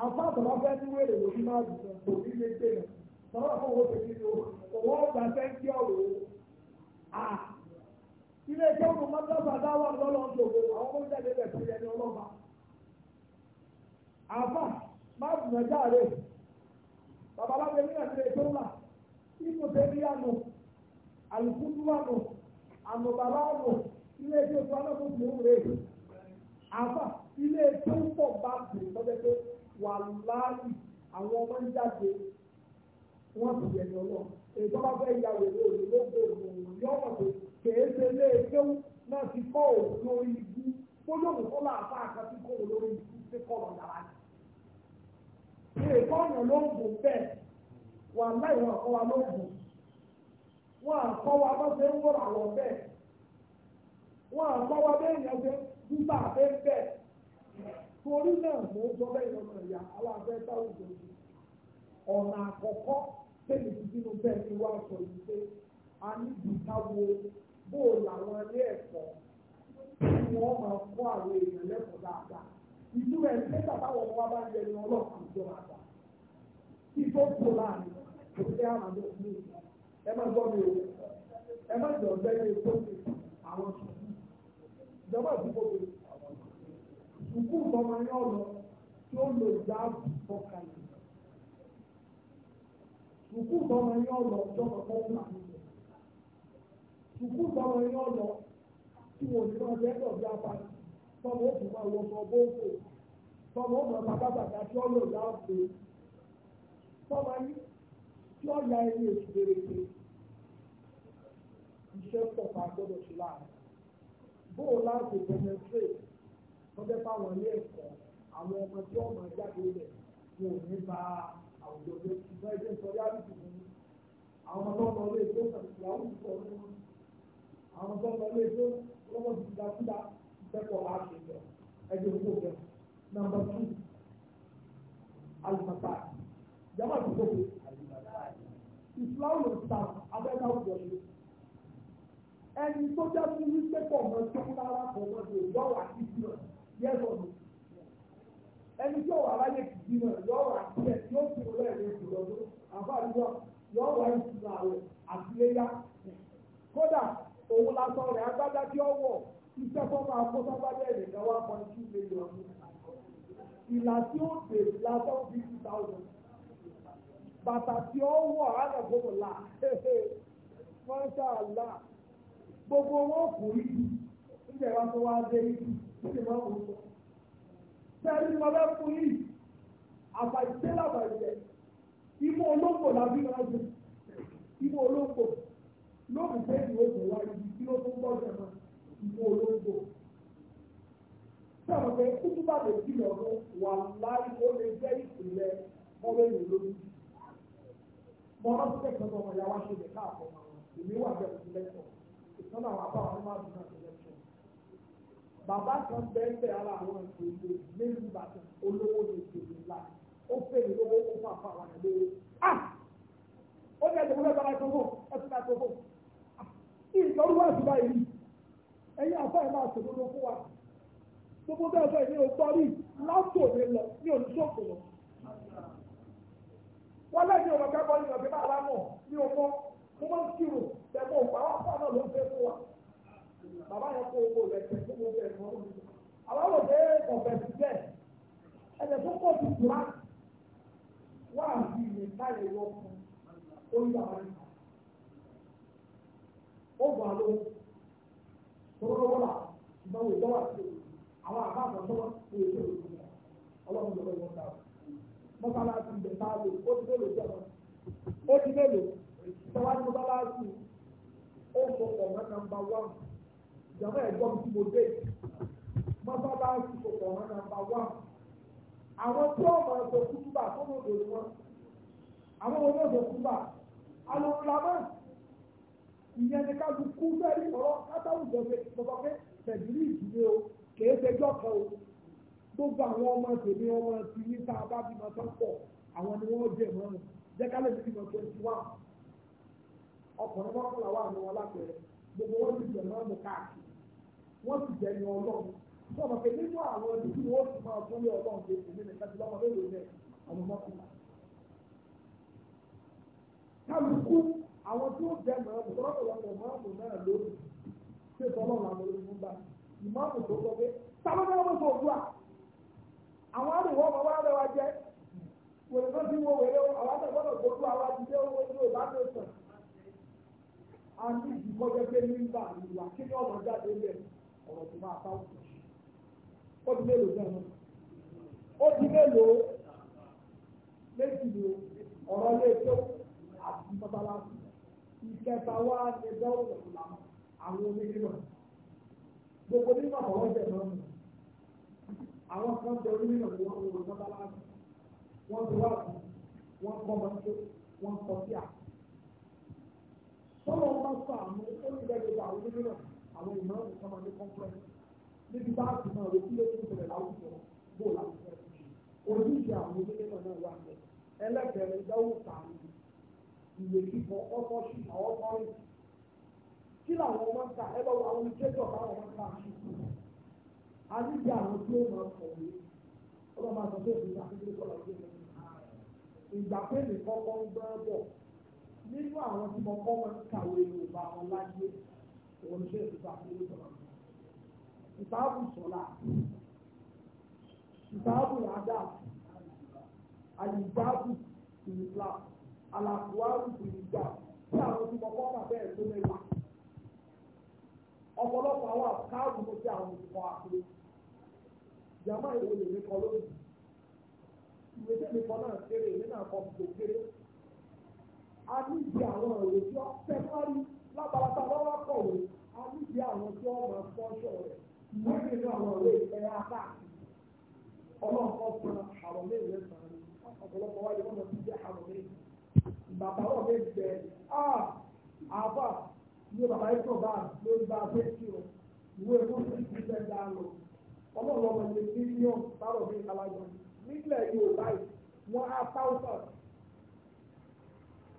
àǹfààní wọn fẹ́ ní wèrè lórí máa dùn kò ní lè gbé yàn sọ́wọ́ fún owó tèmi ni owó ọgbà fẹ́ kí ọ̀rọ̀ o. ilé iṣẹ́ òkú mọ́tàbà dáwà lọ́lọ́ ń dòwò àwọn ọmọ ìjáde rẹ̀ fẹ́ yẹ ní ọlọ́ba. àfà má dùn ẹja rẹ̀ babaláwo ní àti ẹjọ́ ńlá ipò tẹ́lí àná àlùkùdù àná ànùbàrà àná ilé iṣẹ́ òkú anáfófin òwúrẹ́ àfà ilé iṣẹ́ ń pọ̀ bá a kù wà láàyè àwọn ọmọ ń jáde wọ́n sì yẹ ní ọlọ́run èyí tó bá fẹ́ ya wèrè òní ló gbé òun yọ ọmọ pé kèéṣe lé ekéwú náà ti kọ́ òun lórí ibú gbólóhùn tó láàfà kan ti kọ́ òun lórí ibú tí kọ́ lọ dára ni. ilé ìkọ́nà ló ń gùn bẹ́ẹ̀ wà láì wọn àkọ́wà ló ń gùn wọn àkọ́wà bá ṣe ń wọ́n àwọn bẹ́ẹ̀ wọn àkọ́wà bẹ́ẹ̀ yẹn ṣe ń dúpà bẹ́ẹ̀ bẹ́ẹ̀. torí náà mò ń sọ bẹ́ẹ̀ lọ́nà ìyá aláàbẹ̀ táwùjọ yìí ọ̀nà àkọ́kọ́ tẹ̀lé dídínú bẹ́ẹ̀ ni wọ́n sọ yìí pé a níbi káwo bóò làwọn ilé ẹ̀kọ́ tí wọ́n máa kọ́ àwọn èèyàn lẹ́kọ̀ọ́ dáadáa ìdúró ẹ̀ ṣé bàbá wọn wá bá ń yẹ ọlọ́ọ̀kan àgbà kó láàrin kò sí àmàlà ẹ má gbọ́ mi ẹ má jọ sùkúù tọmọ yẹn ọ̀rọ̀ tí ó lò ìdáàbò fọkàlẹ̀ sùkúù tọmọ yẹn ọ̀rọ̀ tí ọmọ kan wà nílẹ̀ sùkúù tọmọ yẹn ọ̀rọ̀ tí wọn ní wọn lẹ́tọ̀ bí apáyé tọmọ òkú máa wọ sọ bóńkò tọmọ ọmọ bàbàbàbà tí ó lò ìdáàbò tọmọ yẹn tí ó ya ẹni èsì péréte iṣẹ́ pọ̀ ká gbọ́dọ̀ sí láàrin bóòlù láti pẹ̀lẹ́ wọ́n fẹ́ fáwọn ilé ẹ̀kọ́ àwọn ọmọ tí wọ́n máa jáde rẹ̀ wọn ò ní ba àwùjọ pé ṣùgbọ́n ẹgbẹ́ ń sọ yára ìtù fún mi àwọn ọmọ tó ń lọ ilé tó ìyàwó ti sọ ọdún wọn àwọn tó ń lọ ilé tó lọ́wọ́ ti da kúta ìfẹ́kọ̀ọ́ láti ṣe ẹgbẹ́ òkú òkè nàmbà tù alùpàtà ìjọba ti kókò ìfúláwò ìta abẹ́ká òjò ṣe ẹni tó jẹ́ fún wípé pọ̀ mọ́ tó ń rárá pọ̀ mọ́ tó ìjọ wà sí ìjọ Yes or no? Ẹni tí ọ̀wà aláyé kì í bímọ yọ ọ̀wà àtúnyẹ̀ tí ó fi olóyè ní ìlú lọ́dún àǹfààní wọn yọ ọ̀wà ìtura rẹ̀ àtìlẹ́yà. Kódà òun lásán rẹ̀ agbádá tí ó wọ̀ iṣẹ́ tó máa kó sábàjẹ́ ìrìnà one point two million. Ìlà tí ó dé lásán fifty thousand. Bàtà tí ó wọ̀ àgàgbọ́n là. Mọ́ṣáláà gbogbo wọn kò rí i tẹ̀ wá tó wá dé ibi tí lè má sọ. Sẹ́ẹ̀lì mo fẹ́ fún yìí, àbàjẹ́ làbàjẹ́, ìmú olóńgbò làbí máa jẹ, ìmú olóńgbò lóòrùn pé ìwé kò wá ibi tí ó tún gbọ́dọ̀ náà ìmú olóńgbò. Sọ̀rọ̀ pé kúkú bá lè jí lọ wà láì ó lè jẹ́ ìpìlẹ̀ mọ́wéèrè lórí. Mo máa ń tẹ̀sán ọmọ ìyá wa ṣe káàkó, èmi wà bẹ̀rẹ̀ sí lẹ́tọ̀ọ́. Ìtọ́nà àwọn àbáwọn máa dùn náà bàbá kan bẹ́ẹ̀ ara àwọn ìṣòro nílùú ìbàdàn olówó ní ìṣòro ńlá ó fèrè lówó ó fà fà wà lórí. ó ní ẹ̀jẹ̀ mọ́lẹ́ bá ẹ̀kọ́ fún ẹ̀sùn náà tó fún. ìtọ́rú wà ẹ̀yin ẹ̀ máa ṣòro ló fún wa. gbogbo bẹ́ẹ̀ bẹ́ẹ̀ ni rí látò lọ ní oníṣòkò lọ. wọ́n lẹ́yìn ọ̀rọ̀ kẹ́kọ̀ọ́ ní ọ̀gbẹ́ bá ní ọmọ Baba yẹn kó owó rẹ̀ tẹ̀ fún gbogbo ẹ̀kọ́ lóbi. àwọn wò pé ọ̀bẹ̀ ti bẹ̀ ẹ̀jẹ̀ tó pọ̀ ju jùlá wà bí ilé káyọ̀ lọ fún orí bàbá yẹn. ó àwọn àbá ọlọ́run lọ́wọ́ ìwọ̀n lò ó ti jẹ́ wọn ó ìjàmbá ẹ̀gbọ́n mi tí mo dé mọ́sálásí kò pọ̀ wọn nàmbà wá àwọn tí wọ́n mọ̀ ẹ̀sọ̀ kútúbà tó mọ̀ òdò ni wọ́n àwọn ọmọ ẹ̀sọ̀ kútúbà alòkùnlámọ́ ìyẹn ni ká ju kú fẹ́ẹ́rì ọ̀rọ̀ kátàwùjọ ṣe sọ pé tẹ̀dúrí ìdílé o kèé ṣe jọ́kọ̀ o gbogbo àwọn ọmọ tèmi ọmọ ti ní tá a bá bímọ tán pọ̀ àwọn ni wọ́n jẹ̀ mọ́rùn jẹ́ ká lè bímọ twenty one ọkùnrin mọ́kànlá wà ní wọn lápẹ̀rẹ̀ gbogbo wọn ti jẹ̀rọ ọmọ káàkiri wọ́n ti jẹ́ ní ọlọ́run tí ọmọ pé nínú àwọn ẹbí tí wọ́n ti máa fún ní ọlọ́run pé èmi nìkan ti lọ́mọ lórí ilẹ̀ àwọn ọmọkùnrin. kálukú àwọn tí ó jẹ́ mọ̀ ọ́n lọ́pọ̀lọpọ̀ mọ́ọ̀mù náà lórí ṣé tọ́lọ́ làwọn olùkún bá ìmọ̀ọ̀mù tó sọ pé sábàbí wọn sọ òdúrà àwọn àdìwọ́ ọmọ wa rẹwà jẹ́ wòlé tó ti wọ wẹ̀rẹ̀ àwọn àdìwọ́ a ní ìdíkọ́jọ́ pé nígbà ìwà kí ni ọmọ jáde lẹ̀ ọ̀rọ̀ tó máa táwọn kò ṣe. ó ti mélòó náà ó ti mélòó méjì ni ọ̀rọ̀ ilé tó àti mọ́tàlásì ìkẹta wá ní dọ́wọ́ ìlànà àwọn onímọ̀ gbogbo nígbà ọ̀rọ̀ jẹ̀ náà nù àwọn kan jẹ onímọ̀ ni wọ́n wọ mọ́tàlásì wọ́n ti wá wọ́n kọ́ mọ́tò wọ́n kọ́ sí àpò sọ́nà ọba sọ àmú olùdẹ́gbẹ̀dẹ àwọn onímọ̀ àwọn ìmọ̀ ìsọmọ ní kọ́ńpẹ́rẹ́ níbi bá a ti mọ̀ rẹ̀ kí ló tún bẹ̀rẹ̀ láwùjọ bó láti fẹ́ ojúṣe àwọn onímọ̀ náà wà ní ẹlẹ́gbẹ̀rẹ̀ ìdáwó tààrí ìwé kíkọ ọkọ̀ sí àwọn ọkọ̀rin kí làwọn ọmọ ń ta ẹ lọ́wọ́ àwọn ìkéjọ báwọn ọmọ ń ta àṣìkò a níbi àwọn tí ó máa kọ̀wé ọlọ́mọ àtọ́jú ìgbà pé nìkọ́kọ́ ń gbọ́ bọ̀ nínú àwọn tí mo kọ́ wọn kàwé yorùbá wọn òun ṣe ìgbà nínú sọ̀rọ̀ ìbáàbù sọ̀lá ìbáàbù àdá àlìjáàbù ìrìnlá àlàkùwárù ìrìnlá tí àwọn tí mo kọ́ wọn bẹ́ẹ̀ tó mẹ́wàá ọ̀pọ̀lọpọ̀ àwọn àkáàbù mo ti àwọn ìwé ìwé náà kéré ìwé a níbi àwọn èrò tí wọ́n fẹ́ parí lábàlátà lọ́wọ́ kọ̀wé a níbi àwọn tí wọ́n máa fọ́ṣọ rẹ̀ wọ́n ti ní àwọn èrò ìfẹ́ ọlọ́ọ̀kọ́ fún àwọn sàn ní ọ̀pọ̀lọpọ̀ wáyé lọ sí àwọn bàbá wọn àbá ní bàbá yìí tó bá lórí bá fẹ́ kí o ìwé fún fẹ́ dá lọ ní mílíọ̀nù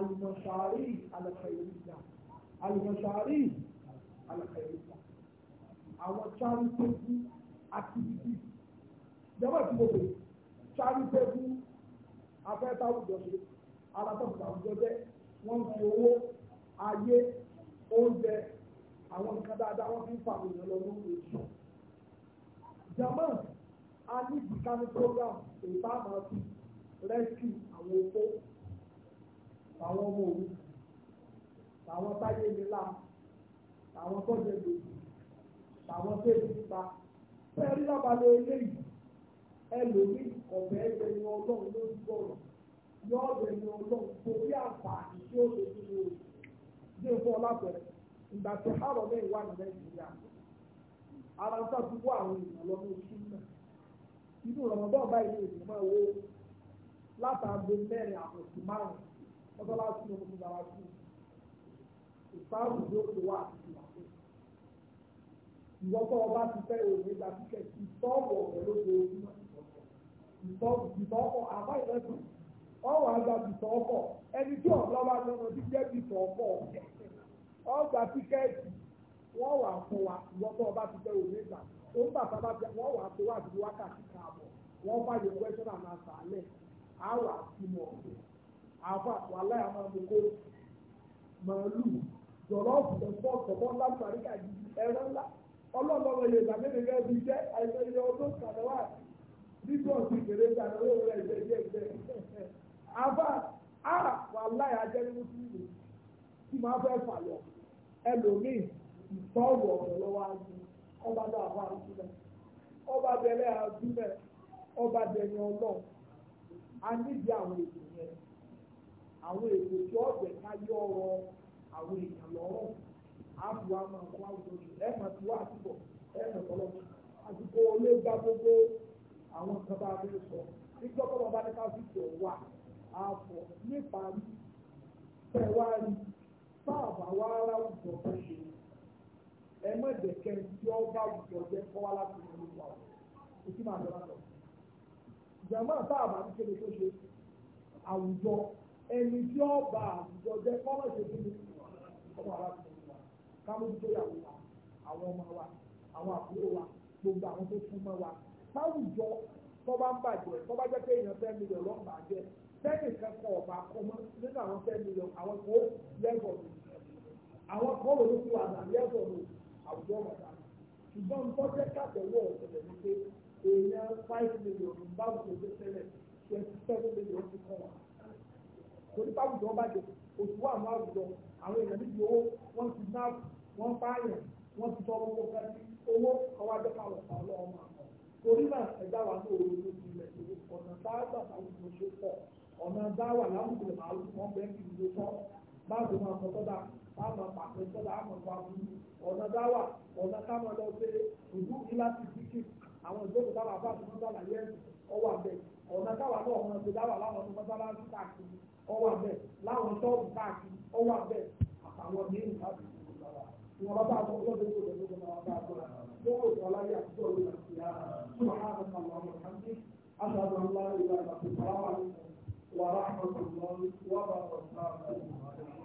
المشاريع الخيرية المشاريع الخيرية àwọn charitable activities jẹ́wọ́ tí mo pè charitable afẹ́ta àwùjọ ṣe alábọ̀tà àwùjọ jẹ́ wọ́n fi owó ayé oúnjẹ àwọn nǹkan dáadáa wọ́n fi ń fàmì ìyẹn lọ lórí èso. jama a ní ìdíkanu program èyí bá máa fi rescue àwọn opó àwọn ọmọ òun àwọn táyé mi lá àwọn tọ́jú èdè àwọn tẹ́lẹ̀ nípa fẹ́ẹ́ lábàlẹ̀ eléyìí ẹlòmí ọ̀bẹ ẹgbẹ̀ni ọlọ́run ló ń sọ̀rọ̀ yọ ọ̀bẹ̀ni ọlọ́run torí àǹfààní tí ó lè n'oge ilé ìgbà tí àrọ̀ wà ní nàìjíríà ara ń àwọn èèyàn lọ ní oṣù náà inú báyìí látàgbé mẹ́rin márùn-ún mọ́sálásí ni mo ti dára sí ìsáàmù yóò ti wá àti ìlàkó ìwọ́pọ̀ ọba ti fẹ́ ìtọ́wọ̀ pẹ̀lú ìtọ́wọ̀ ìtọ́wọ̀ àbá ọwọ́ àgbà ìtọ́wọ̀ ẹni tí ti jẹ́ ìtọ́wọ̀ ọgbà tíkẹ́ẹ̀tì wọ́n wà fún wa ìwọ́pọ̀ ọba ti fẹ́ òní gbà tó ń bàtà bá wọ́n wà wákàtí káàbọ̀ wọ́n fàyè àbá wàhálà àwọn àgbègbè màálù jọ̀rọ̀ ọ̀fùnà fọ́ ọ̀tọ̀bọ́ ńlá tàríkà yìí ẹ̀rọ ńlá ọlọ́ọ̀lọ́wọ́ ilé ìgbàgbẹ́gbẹ́ gẹ́gẹ́ bí jẹ́ àìsàn ilé ọdún kànáwà nígbà ọ̀sìn kéré ìgbàgbẹ́ owó rẹ̀ ìgbẹ́ ìgbẹ́ ìgbẹ́ àbá a jẹ́ nínú tí máa fẹ́ ẹlòmíì ìtọ́wọ̀ ọ̀rọ̀ lọ́wọ́ àwọn ètò tí ọ̀jẹ̀ ká yọ ọ̀rọ̀ àwọn èèyàn lọ́rùn àbù àmọ̀ àkọ́ àwùjọ jù ẹ̀ máa ti wá àtúbọ̀ ẹ̀ máa tọ́lọ́ àsìkò olè gba gbogbo àwọn kan bá mi sọ nígbà tó bá ní ká fífi ọ̀wà àfọ̀ níparí tẹ̀wárí sáàbà wá láwùjọ tó ṣe ẹ má jẹ́ kẹ́ tí ó bá àwùjọ jẹ́ kọ́ wá láti ìlú wa o sí máa lọ́wọ́ lọ. ìjàmbá sáàbà ní kéde tó ṣe àwùjọ ẹni tí ó bá àwùjọ jẹ kọ́mọ̀ ṣe fún mi ọmọ ara tó wà káwọn tó yà wà àwọn ọmọ wa àwọn àbúrò wa gbogbo àwọn tó fún mọ́ wa táwùjọ tó bá ń bàjẹ́ tó bá jẹ́ pé èèyàn fẹ́ mílíọ̀n lọ́n bàjẹ́ fẹ́ẹ̀nì kẹ́kọ̀ọ́ ọ̀bà kọ́ mọ́ nínú àwọn fẹ́ mílíọ̀n àwọn kò lẹ́bọ̀ mi àwọn kò lò ní tiwa àgbà lẹ́bọ̀ mi àwùjọ bàtà ṣùgbọ́n ń tọ́jẹ́ kàtẹ́wọ́ ọ̀sẹ̀lẹ̀ ní pé èèyàn five million báwo ló ṣe tẹ́lẹ̀ twenty seven million ti kọ́ wa torí táwùjọ bàjẹ́ oṣù wà ní àwùjọ àwọn èèyàn níbi owó wọ́n ti ná wọ́n pààyàn wọ́n ti sọ owó kan sí owó ọwọ́ adẹ́pà ọ̀sà ọlọ́run àmọ́ torí náà ẹ̀dá wa ní òru ló ti lẹ̀ sí ọ̀nà táàgbà táwùjọ ṣe pọ̀ ọ̀nà dáwà láwùjọ làwọn wọn bẹ́ẹ̀ kì í ló tọ́ báàbò máa sọ tọ́da báàbò pàṣẹ tọ́da àmọ̀ tó àbúrú ọ̀nà dáwà ọ̀nà kámọ́ lọ pé ìlú ilá ti àwọn ìjókòó táwọn àbá mọ́tàlá yẹn ọwọ́ àbẹ̀ ọ̀nà dáwà náà ọ̀nà tó dáwà láwọn ọmọ mọ́tàlá káàkiri ọwọ́ abẹ́ láwọn tọ́ọ̀bù káàkiri ọwọ́ abẹ́ àtàwọn mìíràn káàkiri ìwọ̀n bá bá àtọ́wọ́ lọ́dọ̀ tó lọ́dọ̀ tó máa bá àtọ́wọ́ lọ́wọ́ ìtọ́láyé àtijọ́ òwe àti ara tó máa bá àwọn ọmọ kàńtì àtàwọn ọmọ ìlànà tó máa wà ní wàrà àwọn ọmọ ìlànà tó wà bá àwọn ọmọ